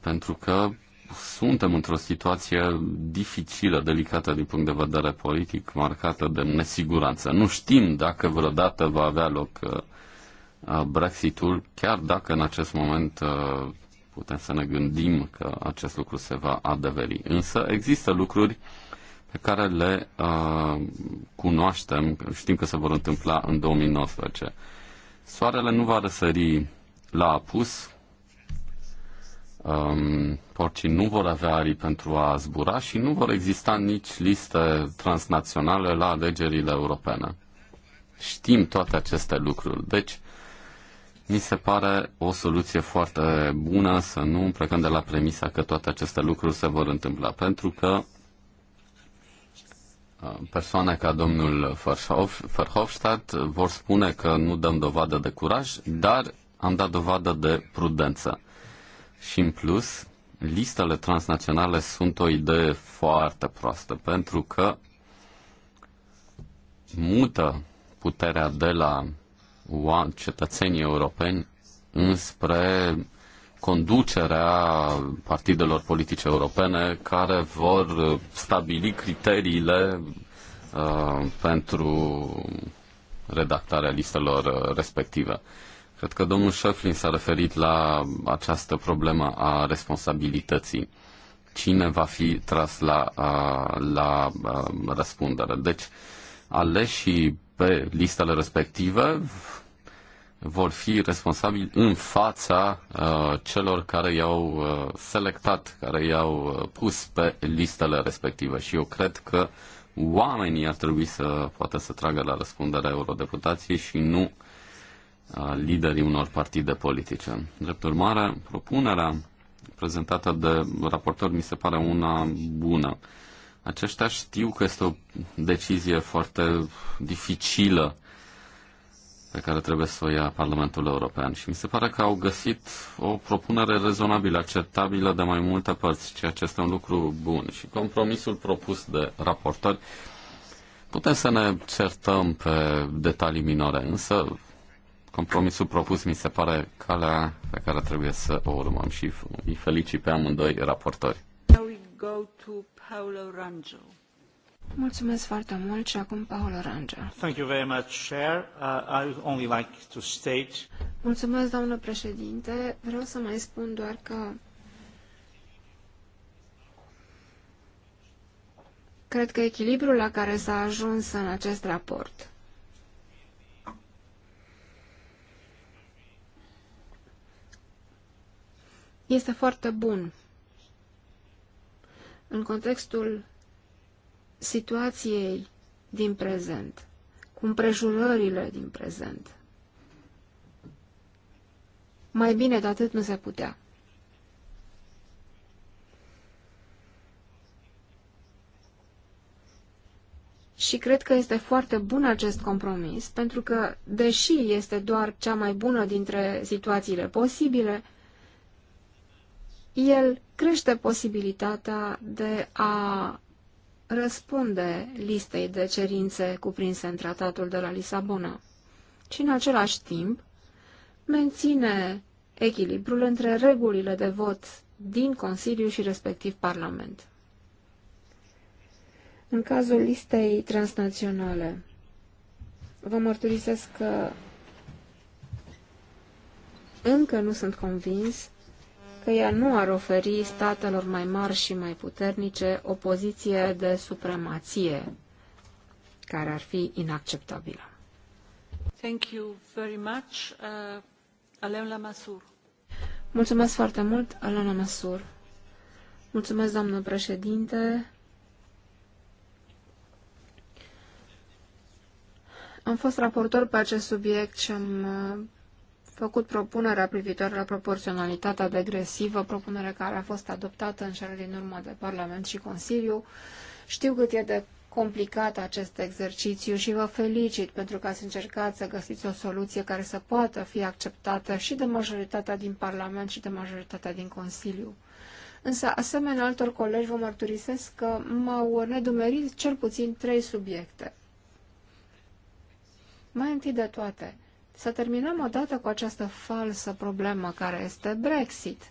S3: Pentru că suntem într-o situație dificilă, delicată din punct de vedere politic, marcată de nesiguranță. Nu știm dacă vreodată va avea loc uh, uh, Brexitul, chiar dacă în acest moment uh, putem să ne gândim că acest lucru se va adeveri. Însă există lucruri pe care le cunoaștem, știm că se vor întâmpla în 2019. Soarele nu va răsări la apus, um, porcii nu vor avea arii pentru a zbura și nu vor exista nici liste transnaționale la alegerile europene. Știm toate aceste lucruri, deci mi se pare o soluție foarte bună să nu plecăm de la premisa că toate aceste lucruri se vor întâmpla, pentru că uh, persoane ca domnul Verhofstadt vor spune că nu dăm dovadă de curaj, dar am dat dovadă de prudență. Și în plus, listele transnaționale sunt o idee foarte proastă, pentru că mută puterea de la cetățenii europeni înspre conducerea partidelor politice europene care vor stabili criteriile uh, pentru redactarea listelor uh, respective. Uh, Cred că domnul Șeflin s-a referit la această problemă a responsabilității. Cine va fi tras la, la răspundere? Deci, aleșii pe listele respective vor fi responsabili în fața uh, celor care i-au selectat, care i-au pus pe listele respective. Și eu cred că oamenii ar trebui să poată să tragă la răspundere eurodeputații și nu uh, liderii unor partide politice. Drept urmare, propunerea prezentată de raportor mi se pare una bună. Aceștia știu că este o decizie foarte dificilă pe care trebuie să o ia Parlamentul European și mi se pare că au găsit o propunere rezonabilă, acceptabilă de mai multe părți, ceea ce este un lucru bun. Și compromisul propus de raportori Putem să ne certăm pe detalii minore, însă Compromisul propus mi se pare calea pe care trebuie să o urmăm și îi felicit pe amândoi raportori.
S4: Mulțumesc foarte mult și acum Paolo
S2: Rangel. Thank you very much, Chair. Uh, I only like to state...
S1: Mulțumesc,
S4: doamnă președinte. Vreau să mai spun doar că cred că echilibrul la care s-a ajuns în acest raport este foarte bun. În contextul situației din prezent, cu împrejurările din prezent, mai bine de atât nu se putea. Și cred că este foarte bun acest compromis, pentru că, deși este doar cea mai bună dintre situațiile posibile, el crește posibilitatea de a răspunde listei de cerințe cuprinse în tratatul de la Lisabona și în același timp menține echilibrul între regulile de vot din Consiliu și respectiv Parlament. În cazul listei transnaționale, vă mărturisesc că încă nu sunt convins că ea nu ar oferi statelor mai mari și mai puternice o poziție de supremație care ar fi inacceptabilă.
S1: Thank you very much. Uh, Alain Lamassur.
S4: Mulțumesc foarte mult, Alana Masur. Mulțumesc, doamnă președinte. Am fost raportor pe acest subiect și am făcut propunerea privitoare la proporționalitatea degresivă, propunere care a fost adoptată în cele din urmă de Parlament și Consiliu. Știu cât e de complicat acest exercițiu și vă felicit pentru că ați încercat să găsiți o soluție care să poată fi acceptată și de majoritatea din Parlament și de majoritatea din Consiliu. Însă, asemenea altor colegi, vă mărturisesc că m-au nedumerit cel puțin trei subiecte. Mai întâi de toate, să terminăm odată cu această falsă problemă care este Brexit.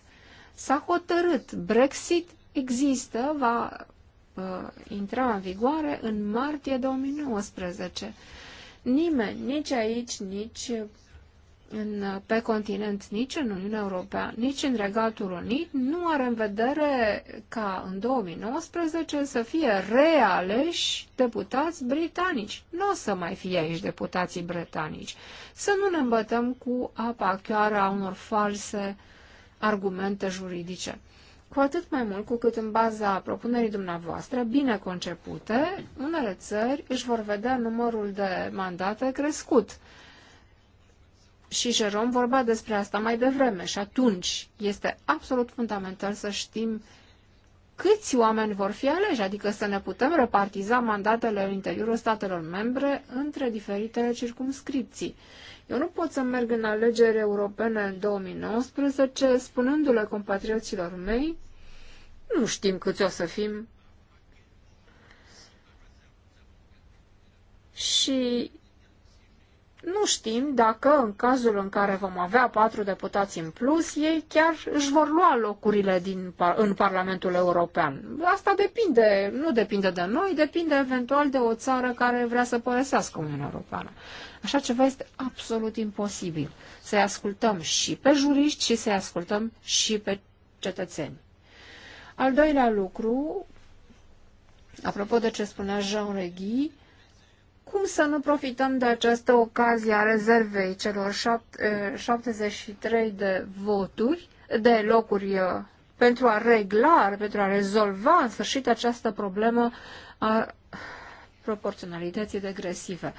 S4: S-a hotărât, Brexit există, va uh, intra în vigoare în martie 2019. Nimeni, nici aici, nici în, pe continent, nici în Uniunea Europeană, nici în Regatul Unit, nu are în vedere ca în 2019 să fie realeși deputați britanici. Nu o să mai fie aici deputații britanici. Să nu ne îmbătăm cu apa chiar unor false argumente juridice. Cu atât mai mult cu cât în baza propunerii dumneavoastră, bine concepute, unele țări își vor vedea numărul de mandate crescut și Jerome vorba despre asta mai devreme și atunci este absolut fundamental să știm câți oameni vor fi aleși, adică să ne putem repartiza mandatele în interiorul statelor membre între diferitele circumscripții. Eu nu pot să merg în alegeri europene în 2019 spunându-le compatrioților mei, nu știm câți o să fim. Și nu știm dacă în cazul în care vom avea patru deputați în plus, ei chiar își vor lua locurile din, în Parlamentul European. Asta depinde, nu depinde de noi, depinde eventual de o țară care vrea să părăsească Uniunea Europeană. Așa ceva este absolut imposibil. Să-i ascultăm și pe juriști și să-i ascultăm și pe cetățeni. Al doilea lucru, apropo de ce spunea Jean Reghi, cum să nu profităm de această ocazie a rezervei celor 73 eh, de voturi, de locuri eh, pentru a regla, pentru a rezolva în sfârșit această problemă a proporționalității degresive.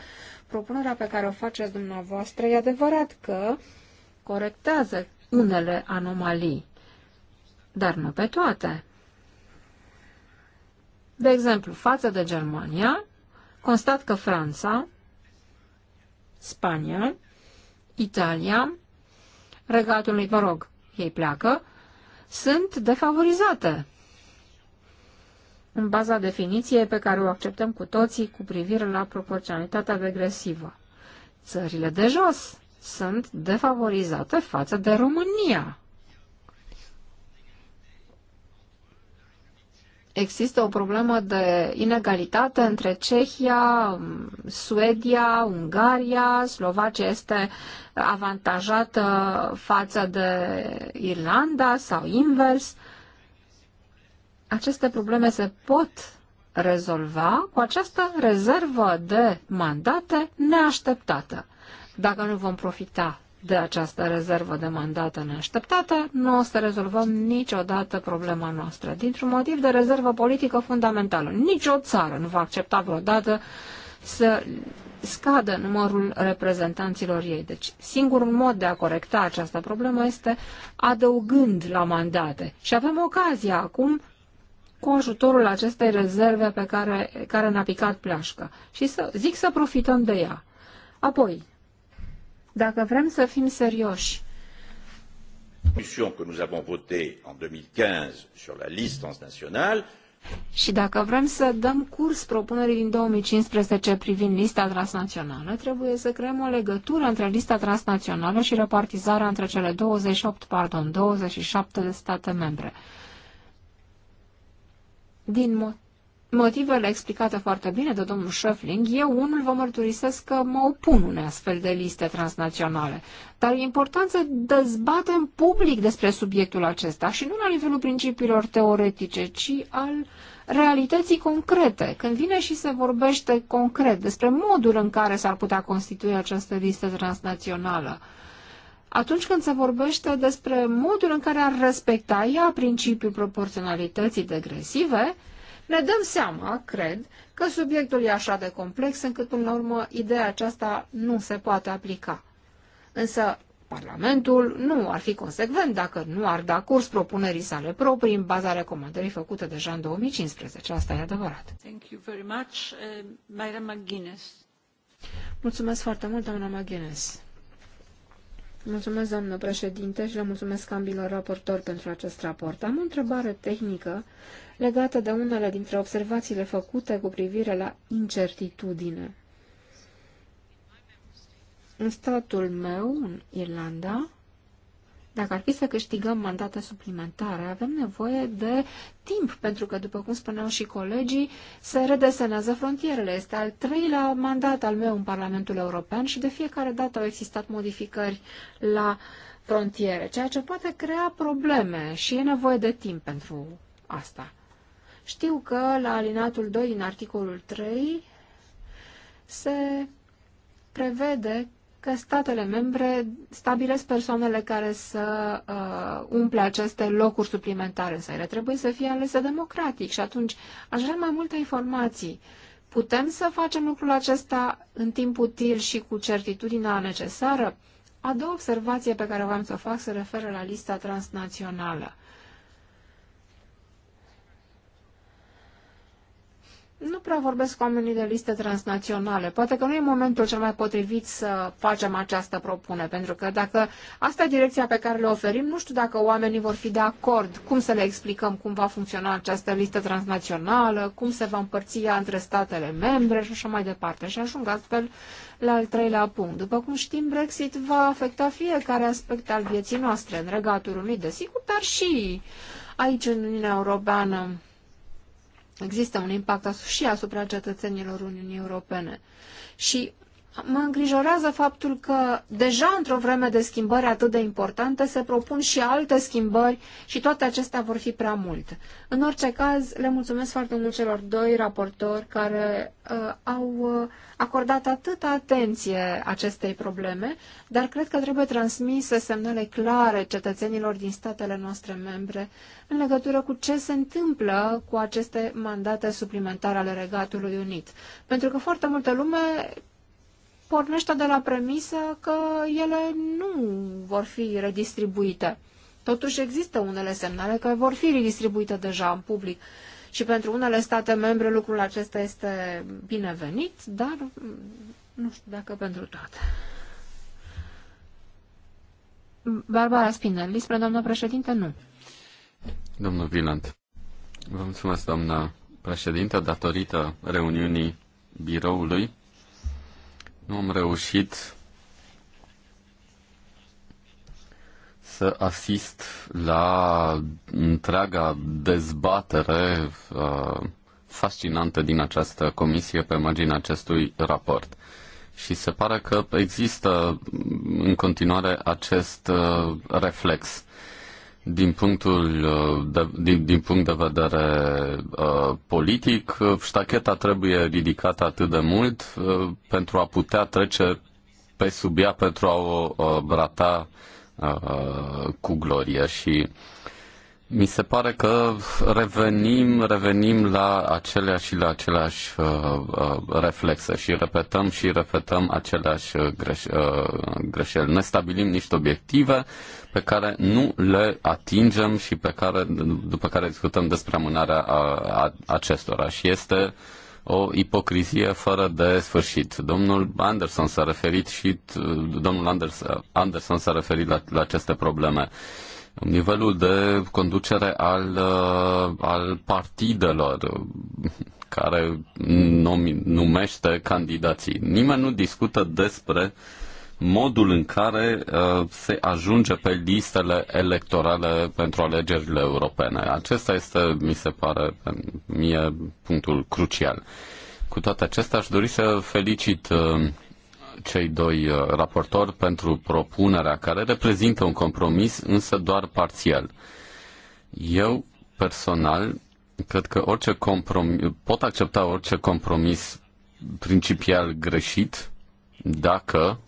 S4: Propunerea pe care o faceți dumneavoastră e adevărat că corectează unele anomalii, dar nu pe toate. De exemplu, față de Germania, constat că Franța, Spania, Italia, Regatul lui mă rog, ei pleacă, sunt defavorizate în baza definiției pe care o acceptăm cu toții cu privire la proporționalitatea regresivă, Țările de jos sunt defavorizate față de România. există o problemă de inegalitate între Cehia, Suedia, Ungaria, Slovacia este avantajată față de Irlanda sau invers. Aceste probleme se pot rezolva cu această rezervă de mandate neașteptată. Dacă nu vom profita de această rezervă de mandată neașteptată, nu o să rezolvăm niciodată problema noastră. Dintr-un motiv de rezervă politică fundamentală. nicio țară nu va accepta vreodată să scadă numărul reprezentanților ei. Deci singurul mod de a corecta această problemă este adăugând la mandate. Și avem ocazia acum cu ajutorul acestei rezerve pe care, care ne-a picat pleașcă. Și să, zic să profităm de ea. Apoi, dacă vrem să fim serioși,
S2: que nous avons en 2015 sur la liste transnationale,
S4: și dacă vrem să dăm curs propunerii din 2015 privind lista transnațională, trebuie să creăm o legătură între lista transnațională și repartizarea între cele 28, pardon, 27 de state membre. Din mod motivele explicate foarte bine de domnul Schöfling, eu unul vă mărturisesc că mă opun unei astfel de liste transnaționale. Dar e important să dezbatem public despre subiectul acesta și nu la nivelul principiilor teoretice, ci al realității concrete. Când vine și se vorbește concret despre modul în care s-ar putea constitui această listă transnațională, atunci când se vorbește despre modul în care ar respecta ea principiul proporționalității degresive, ne dăm seama, cred, că subiectul e așa de complex încât, până la urmă, ideea aceasta nu se poate aplica. Însă, Parlamentul nu ar fi consecvent dacă nu ar da curs propunerii sale proprii în baza recomandării făcute deja în 2015. Asta e adevărat.
S1: Thank you very much, uh,
S4: Mulțumesc foarte mult, doamna McGuinness. Mulțumesc, doamnă președinte, și le mulțumesc ambilor raportori pentru acest raport. Am o întrebare tehnică legată de unele dintre observațiile făcute cu privire la incertitudine. În statul meu, în Irlanda, dacă ar fi să câștigăm mandate suplimentare, avem nevoie de timp, pentru că, după cum spuneau și colegii, se redesenează frontierele. Este al treilea mandat al meu în Parlamentul European și de fiecare dată au existat modificări la frontiere, ceea ce poate crea probleme și e nevoie de timp pentru asta. Știu că la alinatul 2 din articolul 3 se prevede că statele membre stabilesc persoanele care să uh, umple aceste locuri suplimentare, în ele trebuie să fie alese democratic și atunci aș vrea mai multe informații. Putem să facem lucrul acesta în timp util și cu certitudinea necesară? A doua observație pe care am să o fac se referă la lista transnațională. nu prea vorbesc cu oamenii de liste transnaționale. Poate că nu e momentul cel mai potrivit să facem această propunere, pentru că dacă asta e direcția pe care le oferim, nu știu dacă oamenii vor fi de acord cum să le explicăm cum va funcționa această listă transnațională, cum se va împărți ea între statele membre și așa mai departe. Și ajung astfel la al treilea punct. După cum știm, Brexit va afecta fiecare aspect al vieții noastre în Regatul Unit, desigur, dar și aici în Uniunea Europeană Există un impact și asupra cetățenilor Uniunii Europene. Și Mă îngrijorează faptul că deja într-o vreme de schimbări atât de importante se propun și alte schimbări și toate acestea vor fi prea multe. În orice caz, le mulțumesc foarte mult celor doi raportori care uh, au uh, acordat atâta atenție acestei probleme, dar cred că trebuie transmise semnale clare cetățenilor din statele noastre membre în legătură cu ce se întâmplă cu aceste mandate suplimentare ale Regatului Unit. Pentru că foarte multă lume pornește de la premisă că ele nu vor fi redistribuite. Totuși există unele semnale că vor fi redistribuite deja în public și pentru unele state membre lucrul acesta este binevenit, dar nu știu dacă pentru toate. Barbara Spinelli, spre doamna președinte, nu.
S3: Domnul Viland, vă mulțumesc, doamna președinte, datorită reuniunii biroului, nu am reușit să asist la întreaga dezbatere uh, fascinantă din această comisie pe marginea acestui raport. Și se pare că există în continuare acest uh, reflex din punctul uh, de, din, din punct de vedere uh, politic, uh, ștacheta trebuie ridicată atât de mult uh, pentru a putea trece pe sub ea pentru a o uh, brata uh, cu glorie și uh, mi se pare că revenim, revenim la aceleași și la aceleași uh, uh, reflexe și repetăm și repetăm aceleași uh, greș, uh, greșeli. Ne stabilim niște obiective pe care nu le atingem și pe care, după care discutăm despre amânarea a, a, acestora. Și este o ipocrizie fără de sfârșit. Domnul Anderson s-a referit și uh, domnul Anderson, Anderson s-a referit la, la aceste probleme. Uh, nivelul de conducere al, uh, al partidelor care numește candidații. Nimeni nu discută despre modul în care uh, se ajunge pe listele electorale pentru alegerile europene. Acesta este, mi se pare, mie punctul crucial. Cu toate acestea, aș dori să felicit uh, cei doi uh, raportori pentru propunerea care reprezintă un compromis, însă doar parțial. Eu personal cred că orice compromis, pot accepta orice compromis principial greșit dacă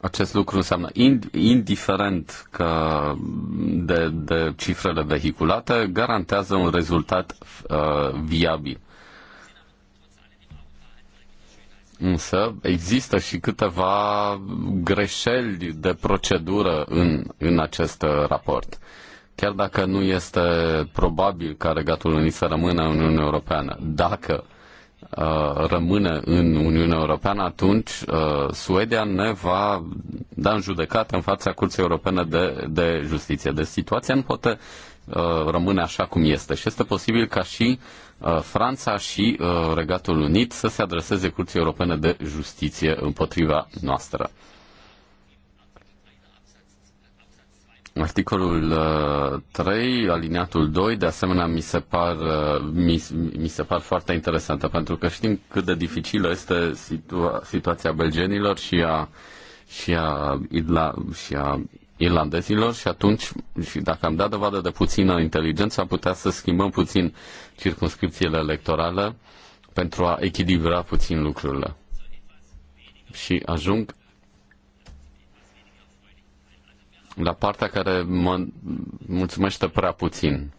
S3: acest lucru înseamnă, indiferent că de, de cifrele vehiculate, garantează un rezultat uh, viabil. Însă există și câteva greșeli de procedură în, în acest raport. Chiar dacă nu este probabil ca Regatul unii să rămână în Uniunea Europeană, dacă uh, rămâne în Uniunea Europeană, atunci uh, Suedia ne va da în judecată în fața Curții Europene de, de Justiție. Deci situația nu poate Uh, rămâne așa cum este și este posibil ca și uh, Franța și uh, Regatul Unit să se adreseze Curții Europene de Justiție împotriva noastră. Articolul 3, aliniatul 2, de asemenea mi se, par, mi, mi se par foarte interesantă, pentru că știm cât de dificilă este situa- situația belgenilor și a, și a, idla, și a irlandezilor și atunci, și dacă am dat dovadă de puțină inteligență, am putea să schimbăm puțin circunscripțiile electorale pentru a echilibra puțin lucrurile. Și ajung la partea care mă mulțumește prea puțin.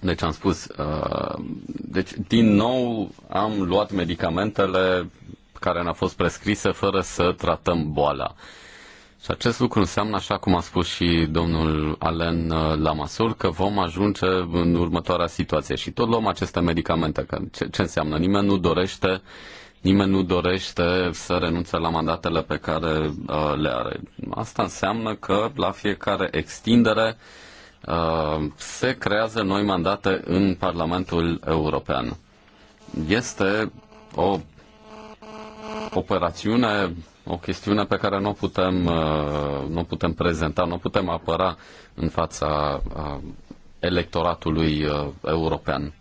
S3: Deci am spus, uh, deci din nou am luat medicamentele care ne-au fost prescrise fără să tratăm boala. Uh, și acest lucru înseamnă, așa cum a spus și domnul Alen uh, Lamasur, că vom ajunge în următoarea situație și tot luăm aceste medicamente. Că ce, ce înseamnă? Nimeni nu dorește Nimeni nu dorește să renunțe la mandatele pe care uh, le are. Asta înseamnă că la fiecare extindere uh, se creează noi mandate în Parlamentul European. Este o operațiune o chestiune pe care nu o putem, uh, nu putem prezenta, nu putem apăra în fața uh, electoratului uh, european.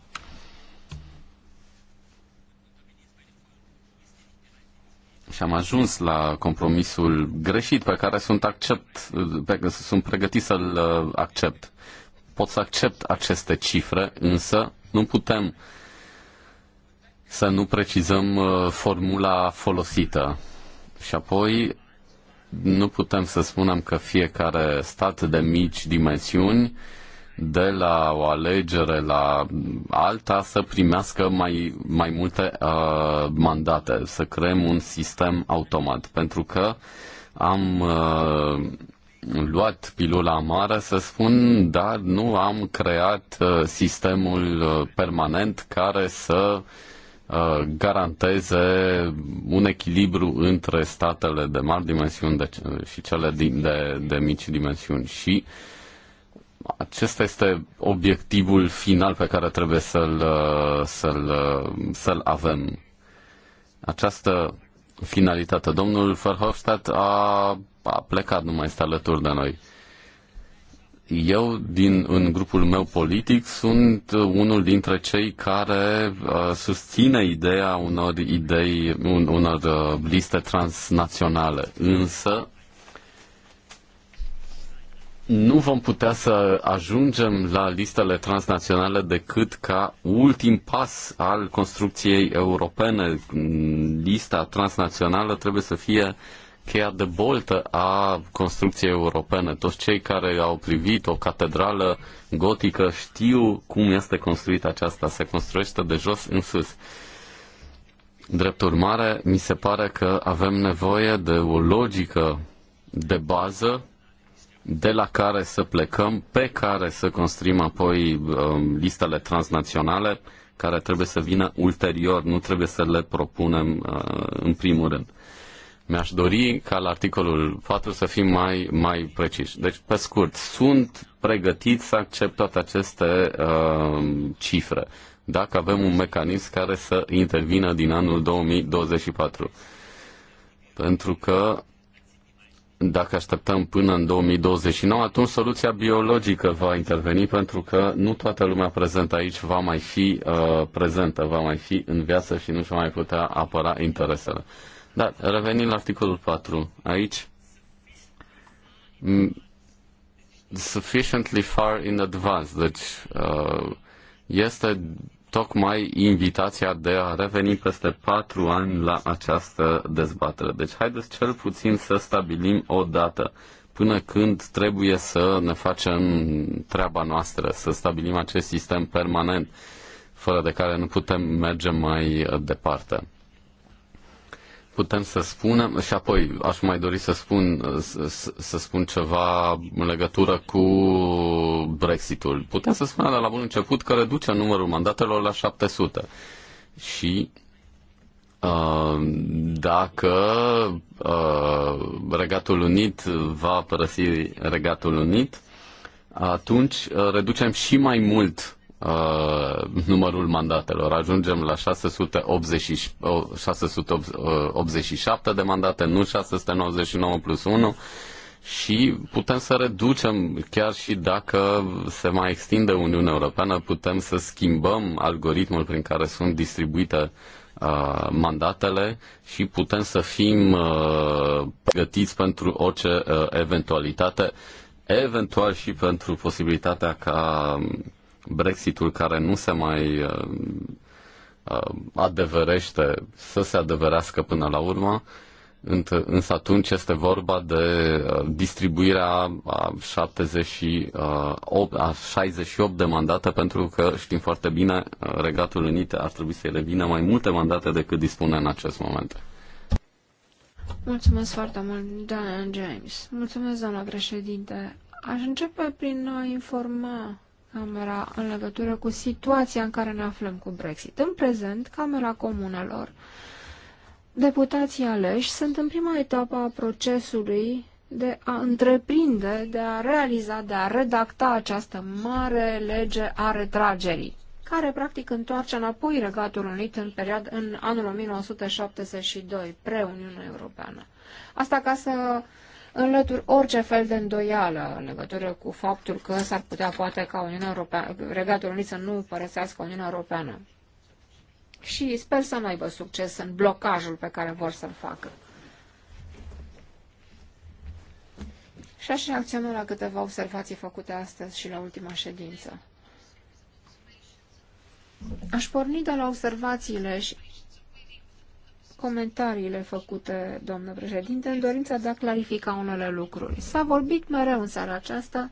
S3: Și am ajuns la compromisul greșit pe care sunt, accept, pe, care sunt pregătit să-l accept. Pot să accept aceste cifre, însă nu putem să nu precizăm formula folosită și apoi nu putem să spunem că fiecare stat de mici dimensiuni de la o alegere la alta să primească mai, mai multe uh, mandate, să creăm un sistem automat, pentru că am uh, luat pilula amară, să spun, dar nu am creat uh, sistemul uh, permanent care să uh, Uh, garanteze un echilibru între statele de mari dimensiuni de, uh, și cele din, de, de mici dimensiuni și acesta este obiectivul final pe care trebuie să-l, uh, să-l, să-l avem. Această finalitate. Domnul Verhofstadt a, a plecat, nu mai este alături de noi eu, din, în grupul meu politic, sunt unul dintre cei care uh, susține ideea unor idei, un, unor uh, liste transnaționale. Însă, nu vom putea să ajungem la listele transnaționale decât ca ultim pas al construcției europene. Lista transnațională trebuie să fie uh, cheia de boltă a construcției europene. Toți cei care au privit o catedrală gotică știu cum este construită aceasta. Se construiește de jos în sus. Drept urmare, mi se pare că avem nevoie de o logică de bază de la care să plecăm, pe care să construim apoi um, listele transnaționale care trebuie să vină ulterior, nu trebuie să le propunem uh, în primul rând. Mi-aș dori ca la articolul 4 să fim mai, mai preciși. Deci, pe scurt, sunt pregătit să accept toate aceste uh, cifre dacă avem un mecanism care să intervină din anul 2024. Pentru că dacă așteptăm până în 2029, atunci soluția biologică va interveni pentru că nu toată lumea prezentă aici va mai fi uh, prezentă, va mai fi în viață și nu și mai putea apăra interesele. Da, revenind la articolul 4, aici mm, sufficiently far in advance, deci uh, este tocmai invitația de a reveni peste patru ani la această dezbatere. Deci haideți cel puțin să stabilim o dată până când trebuie să ne facem treaba noastră, să stabilim acest sistem permanent, fără de care nu putem merge mai departe putem să spunem și apoi aș mai dori să spun, să, să spun ceva în legătură cu Brexitul. Putem să spunem de la bun început că reduce numărul mandatelor la 700 și uh, dacă uh, Regatul Unit va părăsi Regatul Unit, atunci uh, reducem și mai mult uh, numărul mandatelor. Ajungem la 680, 687 uh, de mandate, nu 699 plus 1 și putem să reducem, chiar și dacă se mai extinde Uniunea Europeană, putem să schimbăm algoritmul prin care sunt distribuite uh, mandatele și putem să fim uh, pregătiți pentru orice uh, eventualitate, eventual și pentru posibilitatea ca Brexitul care nu se mai uh, uh, adeverește să se adeverească până la urmă, însă atunci este vorba de uh, distribuirea a, 78, a 68 de mandate, pentru că știm foarte bine, Regatul Unit ar trebui să-i revină mai multe mandate decât dispune în acest moment.
S4: Mulțumesc foarte mult, doamna James. Mulțumesc, doamna președinte. Aș începe prin a informa Camera în legătură cu situația în care ne aflăm cu Brexit. În prezent, Camera Comunelor, deputații aleși sunt în prima etapă a procesului de a întreprinde, de a realiza, de a redacta această mare lege a retragerii, care practic întoarce înapoi Regatul Unit în, perioadă, în anul 1972, pre-Uniunea Europeană. Asta ca să uh, înlături orice fel de îndoială în legătură cu faptul că s-ar putea poate ca Uniunea Europeană, Regatul Unit să nu părăsească Uniunea Europeană. Și sper să nu aibă succes în blocajul pe care vor să-l facă. Și aș reacționa la câteva observații făcute astăzi și la ultima ședință. Aș porni de la observațiile și comentariile făcute, domnule președinte, în dorința de a clarifica unele lucruri. S-a vorbit mereu în seara aceasta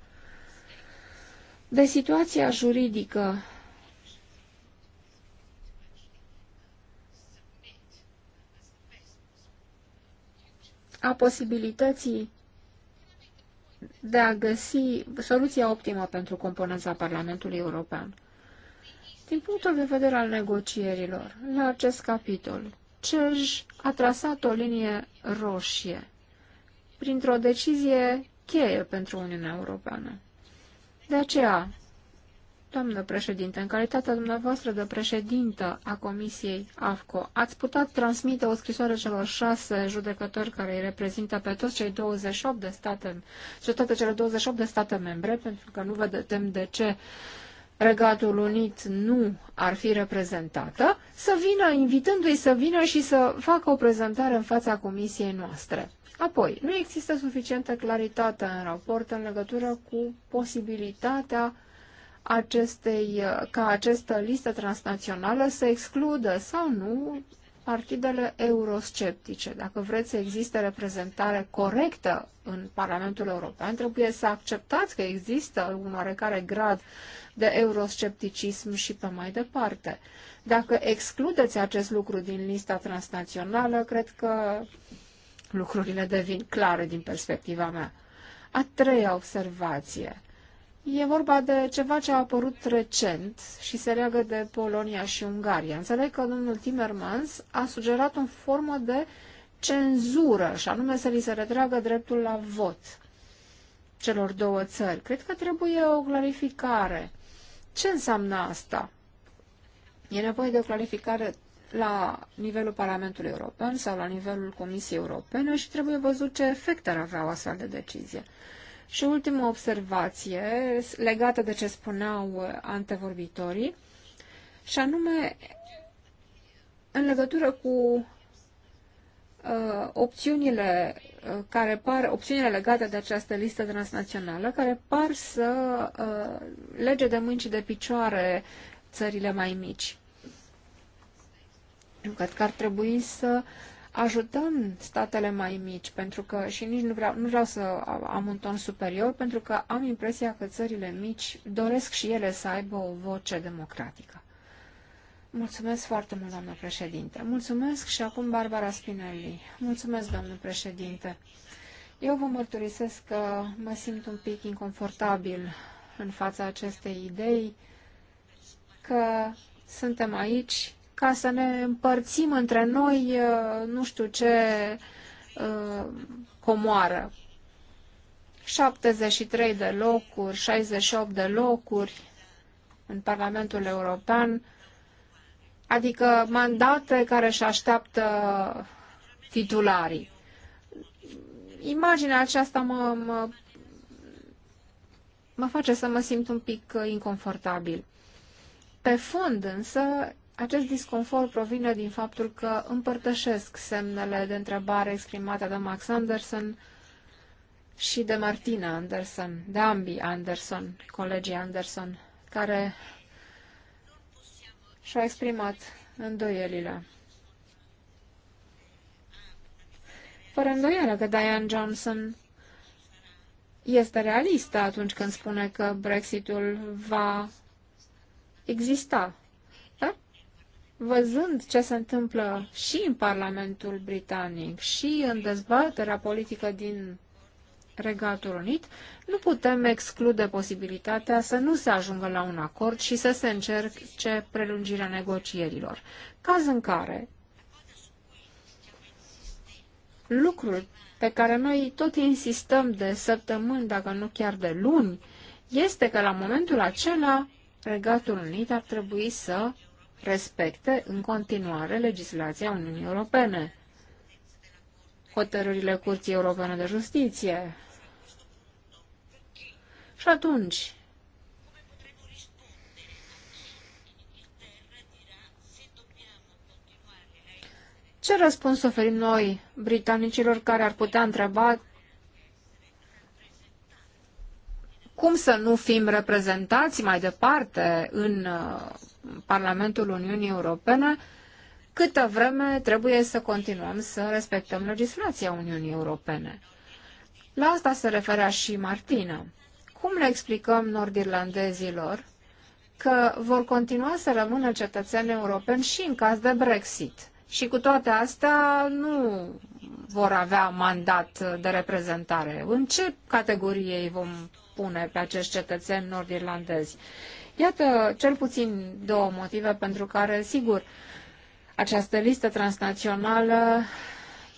S4: de situația juridică a posibilității de a găsi soluția optimă pentru componența Parlamentului European. Din punctul de vedere al negocierilor, la acest capitol, CEJ a trasat o linie roșie printr-o decizie cheie pentru Uniunea Europeană. De aceea, doamnă președinte, în calitatea dumneavoastră de președintă a Comisiei AFCO, ați putea transmite o scrisoare celor șase judecători care îi reprezintă pe toți cei 28 de state, toate cele 28 de state membre, pentru că nu vedem de ce uh, Regatul Unit nu ar fi reprezentată, să vină, invitându-i să vină și să facă o prezentare în fața comisiei noastre. Apoi, nu există suficientă claritate în raport în legătură cu posibilitatea acestei, ca această listă transnațională să excludă sau nu partidele eurosceptice. Dacă vreți să existe reprezentare corectă în Parlamentul European, trebuie să acceptați că există un oarecare grad de euroscepticism și pe mai departe. Dacă excludeți acest lucru din lista transnațională, cred că lucrurile devin clare din perspectiva mea. A treia observație. E vorba de ceva ce a apărut recent și se leagă de Polonia și Ungaria. Înțeleg că domnul Timmermans a sugerat o formă de cenzură, și anume să li se retragă dreptul la vot celor două țări. Cred că trebuie o clarificare. Ce înseamnă asta? E nevoie de o clarificare la nivelul Parlamentului European sau la nivelul Comisiei Europene și trebuie văzut ce efect ar avea o astfel de decizie. Și ultima observație legată de ce spuneau antevorbitorii, și anume în legătură cu uh, opțiunile Uh, care par, opțiunile legate de această listă transnațională, care par să uh, lege de mâini și de picioare țările mai mici. Eu cred că ar trebui să ajutăm statele mai mici, pentru că și nici nu vreau, nu vreau să am un ton superior, pentru că am impresia că țările mici doresc și ele să aibă o voce democratică. Mulțumesc foarte mult, doamnă președinte. Mulțumesc și acum Barbara Spinelli. Mulțumesc, doamnă președinte. Eu vă mărturisesc că mă simt un pic inconfortabil în fața acestei idei că suntem aici ca să ne împărțim între noi uh, nu știu ce uh, comoară. 73 de locuri, 68 de locuri în Parlamentul European adică mandate care își așteaptă titularii. Imaginea aceasta mă, mă, mă face să mă simt un pic inconfortabil. Pe fund, însă, acest disconfort provine din faptul că împărtășesc semnele de întrebare exprimate de Max Anderson și de Martina Anderson, de ambii Anderson, colegii Anderson, care și a exprimat îndoielile. Fără îndoială că Diane Johnson este realistă atunci când spune că Brexitul va exista. Da? văzând ce se întâmplă și în Parlamentul Britanic și în dezbaterea politică din Regatul Unit, nu putem exclude posibilitatea să nu se ajungă la un acord și să se încerce prelungirea negocierilor, caz în care lucrul pe care noi tot insistăm de săptămâni, dacă nu chiar de luni, este că la momentul acela Regatul Unit ar trebui să respecte în continuare legislația Uniunii Europene hotărârile Curții Europene de Justiție. Și atunci, ce răspuns oferim noi britanicilor care ar putea întreba cum să nu fim reprezentați mai departe în uh, Parlamentul Uniunii Europene câtă vreme trebuie să continuăm să respectăm legislația Uniunii Europene. La asta se referea și Martina. Cum le explicăm nordirlandezilor că vor continua să rămână cetățeni europeni și în caz de Brexit? Și cu toate astea nu vor avea mandat de reprezentare. În ce categorie îi vom pune pe acești cetățeni nordirlandezi? Iată cel puțin două motive pentru care, sigur, această listă transnațională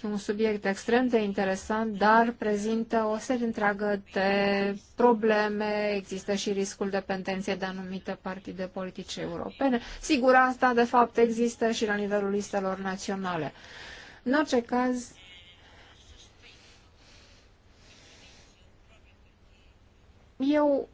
S4: e un subiect extrem de interesant, dar prezintă o serie întreagă de probleme. Există și riscul dependenței de anumite partide politice europene. Sigur, asta de fapt există și la nivelul listelor naționale. În orice caz, eu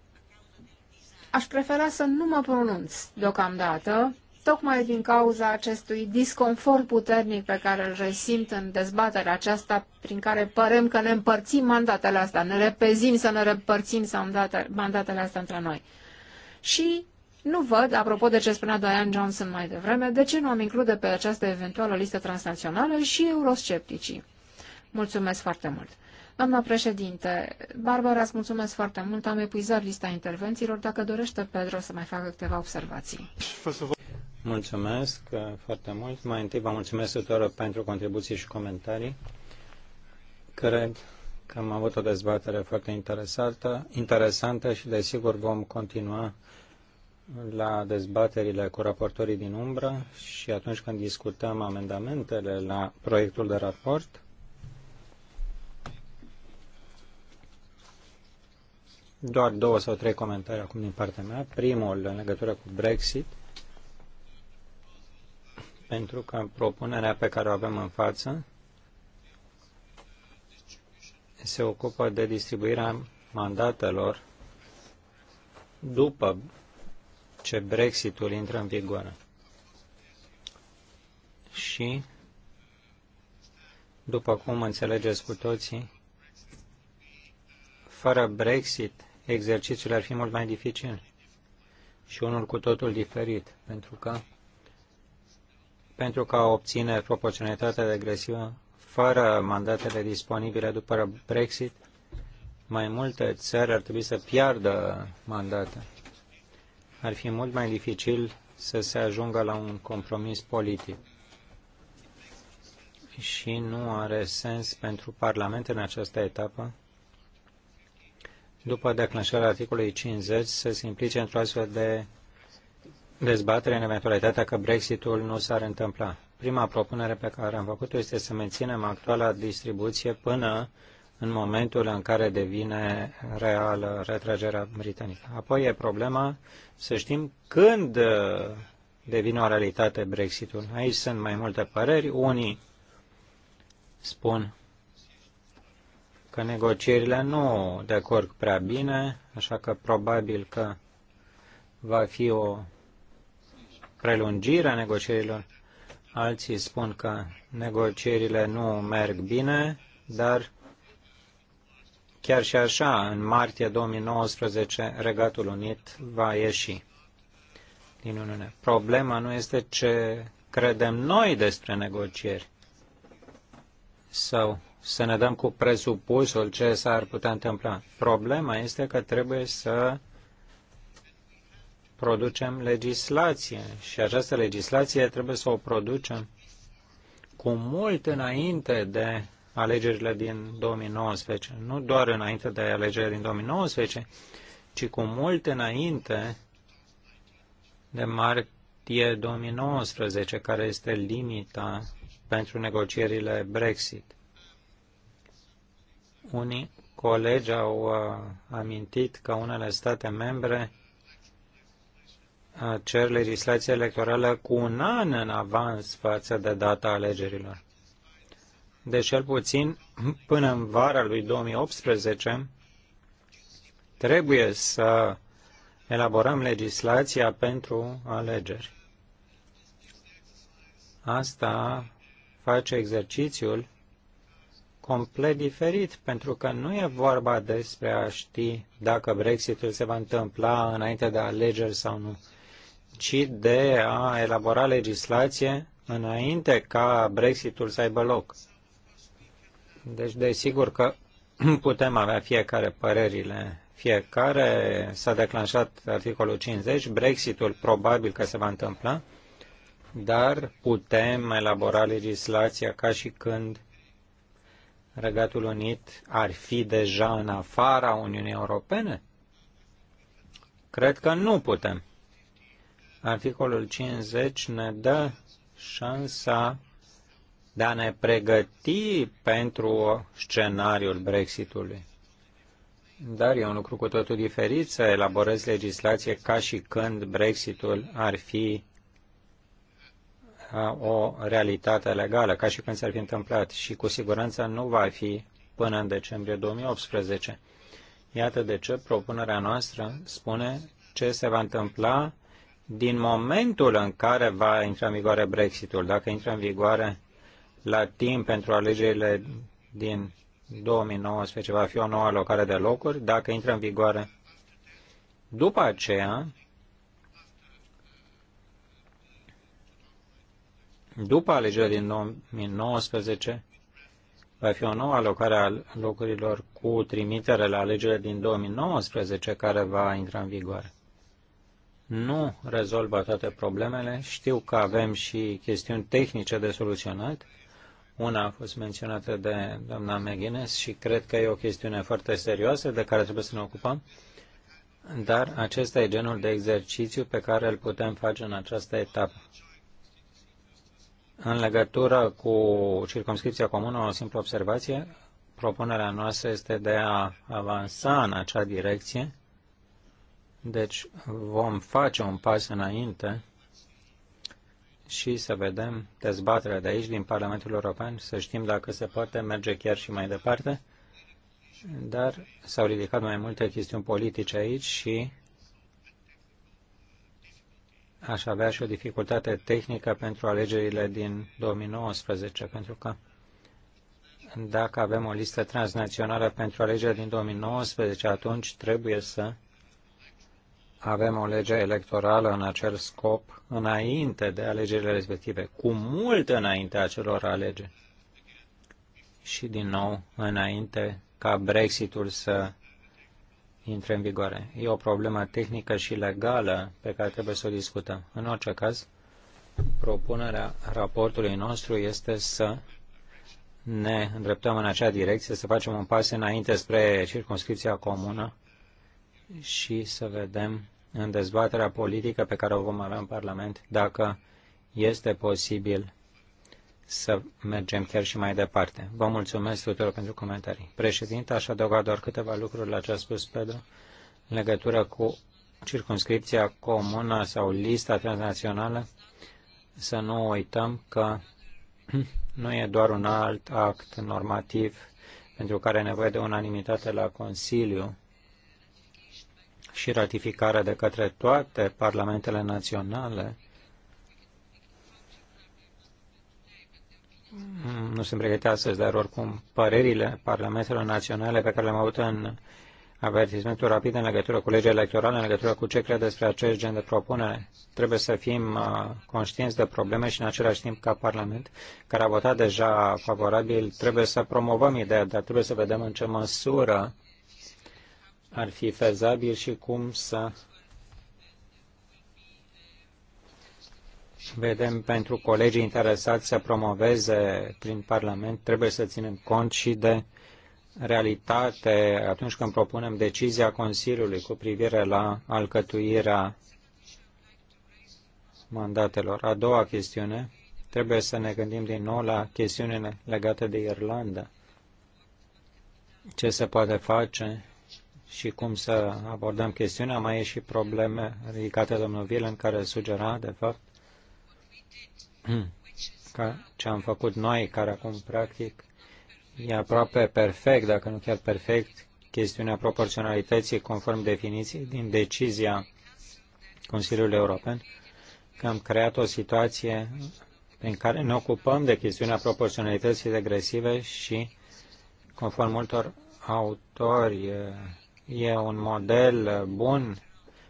S4: aș prefera să nu mă pronunț deocamdată tocmai din cauza acestui disconfort puternic pe care îl resimt în dezbaterea aceasta, prin care părem că ne împărțim mandatele astea, ne repezim să ne repărțim mandatele astea între noi. Și nu văd, apropo de ce spunea Diane Johnson mai devreme, de ce nu am include pe această eventuală listă transnațională și euroscepticii. Mulțumesc foarte mult. Doamna președinte, Barbara, îți mulțumesc foarte mult. Am epuizat lista intervențiilor. Dacă dorește, Pedro, să mai facă câteva observații.
S2: Mulțumesc uh, foarte mult. Mai întâi vă mulțumesc tuturor pentru contribuții și comentarii. Cred că am avut o dezbatere foarte interesantă, interesantă și desigur vom continua la dezbaterile cu raportorii din umbră și atunci când discutăm amendamentele la proiectul de raport. Doar două sau trei comentarii acum din partea mea. Primul în legătură cu Brexit pentru că propunerea pe care o avem în față se ocupă de distribuirea mandatelor după ce Brexitul intră în vigoare. Și, după cum înțelegeți cu toții, fără Brexit, exercițiul ar fi mult mai dificil și unul cu totul diferit, pentru că pentru că obține proporționalitatea agresiune fără mandatele disponibile după Brexit, mai multe țări ar trebui să piardă mandate. Ar fi mult mai dificil să se ajungă la un compromis politic. Și nu are sens pentru Parlament în această etapă, după declanșarea articolului 50, să se implice într-o astfel de dezbatere în eventualitatea că Brexitul nu s-ar întâmpla. Prima propunere pe care am făcut-o este să menținem actuala distribuție până în momentul în care devine reală retragerea britanică. Apoi e problema să știm când uh, devine o realitate Brexitul. Aici sunt mai multe păreri. Unii spun că negocierile nu decurg prea bine, așa că probabil că va fi o prelungire a negocierilor. Alții spun că negocierile nu merg bine, dar chiar și așa, în martie 2019, Regatul Unit va ieși din Uniune. Problema nu este ce credem noi despre negocieri sau să ne dăm cu presupusul ce s-ar putea întâmpla. Problema este că trebuie să producem legislație și această legislație trebuie să o producem cu mult înainte de alegerile din 2019, nu doar înainte de alegerile din 2019, ci cu mult înainte de martie 2019, care este limita pentru negocierile Brexit. Unii colegi au uh, amintit că unele state membre cer legislație electorală cu un an în avans față de data alegerilor. Deci, cel puțin până în vara lui 2018, trebuie să elaborăm legislația pentru alegeri. Asta face exercițiul complet diferit, pentru că nu e vorba despre a ști dacă Brexitul se va întâmpla înainte de alegeri sau nu ci de a elabora legislație înainte ca Brexitul să aibă loc. Deci, desigur că putem avea fiecare părerile. Fiecare s-a declanșat articolul 50, Brexitul probabil că se va întâmpla, dar putem elabora legislația ca și când Regatul Unit ar fi deja în afara Uniunii Europene? Cred că nu putem. Articolul 50 ne dă șansa de a ne pregăti pentru scenariul Brexitului. Dar e un lucru cu totul diferit să elaborezi legislație ca și când Brexitul ar fi o realitate legală, ca și când s-ar fi întâmplat și cu siguranță nu va fi până în decembrie 2018. Iată de ce propunerea noastră spune ce se va întâmpla din momentul în care va intra în vigoare Brexitul, dacă intră în vigoare la timp pentru alegerile din 2019, va fi o nouă alocare de locuri, dacă intră în vigoare după aceea, după alegerile din 2019, va fi o nouă alocare a locurilor cu trimitere la alegerile din 2019 care va intra în vigoare nu rezolvă toate problemele. Știu că avem și chestiuni tehnice de soluționat. Una a fost menționată de doamna McGuinness și cred că e o chestiune foarte serioasă de care trebuie să ne ocupăm. Dar acesta e genul de exercițiu pe care îl putem face în această etapă. În legătură cu circumscripția comună, o simplă observație, propunerea noastră este de a avansa în acea direcție deci vom face un pas înainte și să vedem dezbaterea de aici din Parlamentul European, să știm dacă se poate merge chiar și mai departe, dar s-au ridicat mai multe chestiuni politice aici și aș avea și o dificultate tehnică pentru alegerile din 2019, pentru că dacă avem o listă transnațională pentru alegerile din 2019, atunci trebuie să avem o lege electorală în acel scop înainte de alegerile respective, cu mult înainte acelor alegeri. Și din nou, înainte ca Brexitul să intre în vigoare. E o problemă tehnică și legală pe care trebuie să o discutăm. În orice caz, propunerea raportului nostru este să ne îndreptăm în acea direcție, să facem un pas înainte spre circunscripția comună și să vedem în dezbaterea politică pe care o vom avea în Parlament, dacă este posibil să mergem chiar și mai departe. Vă mulțumesc tuturor pentru comentarii. Președinte, aș adăuga doar câteva lucruri la ce a spus Pedro în legătură cu circunscripția comună sau lista transnațională. Să nu uităm că nu e doar un alt act normativ pentru care e nevoie de unanimitate la Consiliu, și ratificarea de către toate parlamentele naționale. Mm, nu sunt pregătit astăzi, dar oricum părerile parlamentelor naționale pe care le-am avut în avertismentul rapid în legătură cu legea electorală, în legătură cu ce cred despre acest gen de propunere. Trebuie să fim uh, conștienți de probleme și în același timp ca Parlament, care a votat deja favorabil, trebuie să promovăm ideea, dar trebuie să vedem în ce măsură ar fi fezabil și cum să vedem pentru colegii interesați să promoveze prin Parlament, trebuie să ținem cont și de realitate atunci când propunem decizia Consiliului cu privire la alcătuirea mandatelor. A doua chestiune, trebuie să ne gândim din nou la chestiunile legate de Irlanda. Ce se poate face și cum să abordăm chestiunea. Mai e și probleme ridicate domnul Vilen, care sugera, de fapt, că ce am făcut noi, care acum practic e aproape perfect, dacă nu chiar perfect, chestiunea proporționalității conform definiției din decizia Consiliului European, că am creat o situație prin care ne ocupăm de chestiunea proporționalității degresive și, conform multor autori E un model bun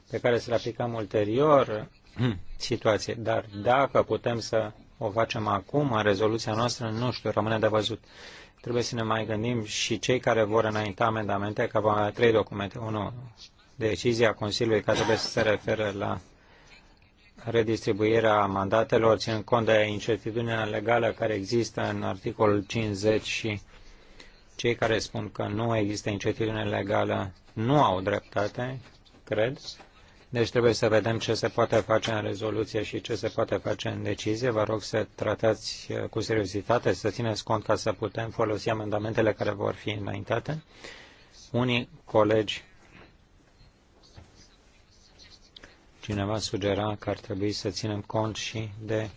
S2: pe care să-l aplicăm ulterior situație. dar dacă putem să o facem acum, în rezoluția noastră, nu știu, rămâne de văzut. Trebuie să ne mai gândim și cei care vor înainta amendamente, că vom avea trei documente. Unul, decizia Consiliului care trebuie să se referă la redistribuirea mandatelor, ținând cont de incertitudinea legală care există în articolul 50 și cei care spun că nu există incertitudine legală nu au dreptate, cred. Deci trebuie să vedem ce se poate face în rezoluție și ce se poate face în decizie. Vă rog să tratați uh, cu seriozitate, să țineți cont ca să putem folosi amendamentele care vor fi înaintate. Unii colegi, cineva sugera că ar trebui să ținem cont și de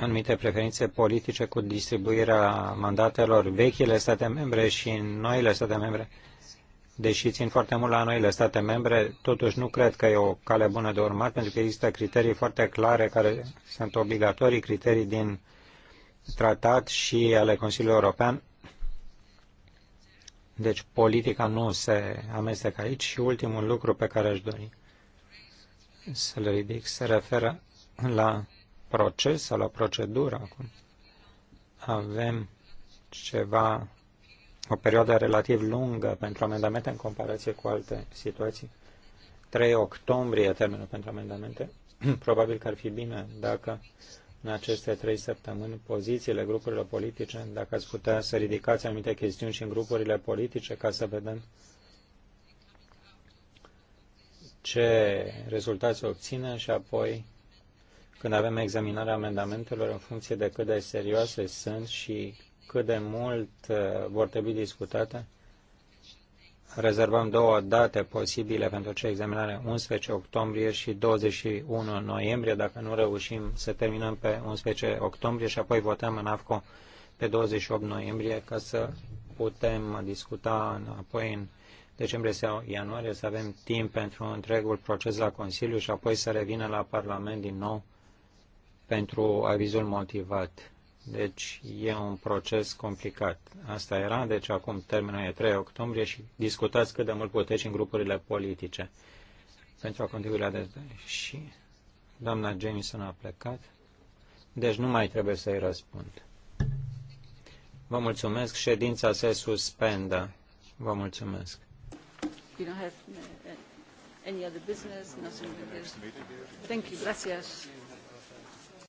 S2: anumite preferințe politice cu distribuirea mandatelor vechile state membre și noile state membre. Deși țin foarte mult la noile state membre, totuși nu cred că e o cale bună de urmat, pentru că există criterii foarte clare care sunt obligatorii, criterii din tratat și ale Consiliului European. Deci politica nu se amestecă aici și ultimul lucru pe care aș dori să-l ridic se referă la proces sau la procedură acum. Avem ceva, o perioadă relativ lungă pentru amendamente în comparație cu alte situații. 3 octombrie termenul pentru amendamente. Probabil că ar fi bine dacă în aceste trei săptămâni pozițiile grupurilor politice, dacă ați putea să ridicați anumite chestiuni și în grupurile politice ca să vedem ce rezultate obține și apoi când avem examinarea amendamentelor în funcție de cât de serioase sunt și cât de mult uh, vor trebui discutate, rezervăm două date posibile pentru cea examinare, 11 octombrie și 21 noiembrie, dacă nu reușim să terminăm pe 11 octombrie și apoi votăm în AFCO pe 28 noiembrie ca să putem discuta apoi în decembrie sau ianuarie, să avem timp pentru întregul proces la Consiliu și apoi să revină la Parlament din nou pentru avizul motivat. Deci e un proces complicat. Asta era, deci acum termenul e 3 octombrie și discutați cât de mult puteți în grupurile politice pentru a contribui la Și doamna Jameson a plecat, deci nu mai trebuie să-i răspund. Vă mulțumesc, ședința se suspendă. Vă mulțumesc.
S1: You don't have any other business, nothing. Thank you, gracias.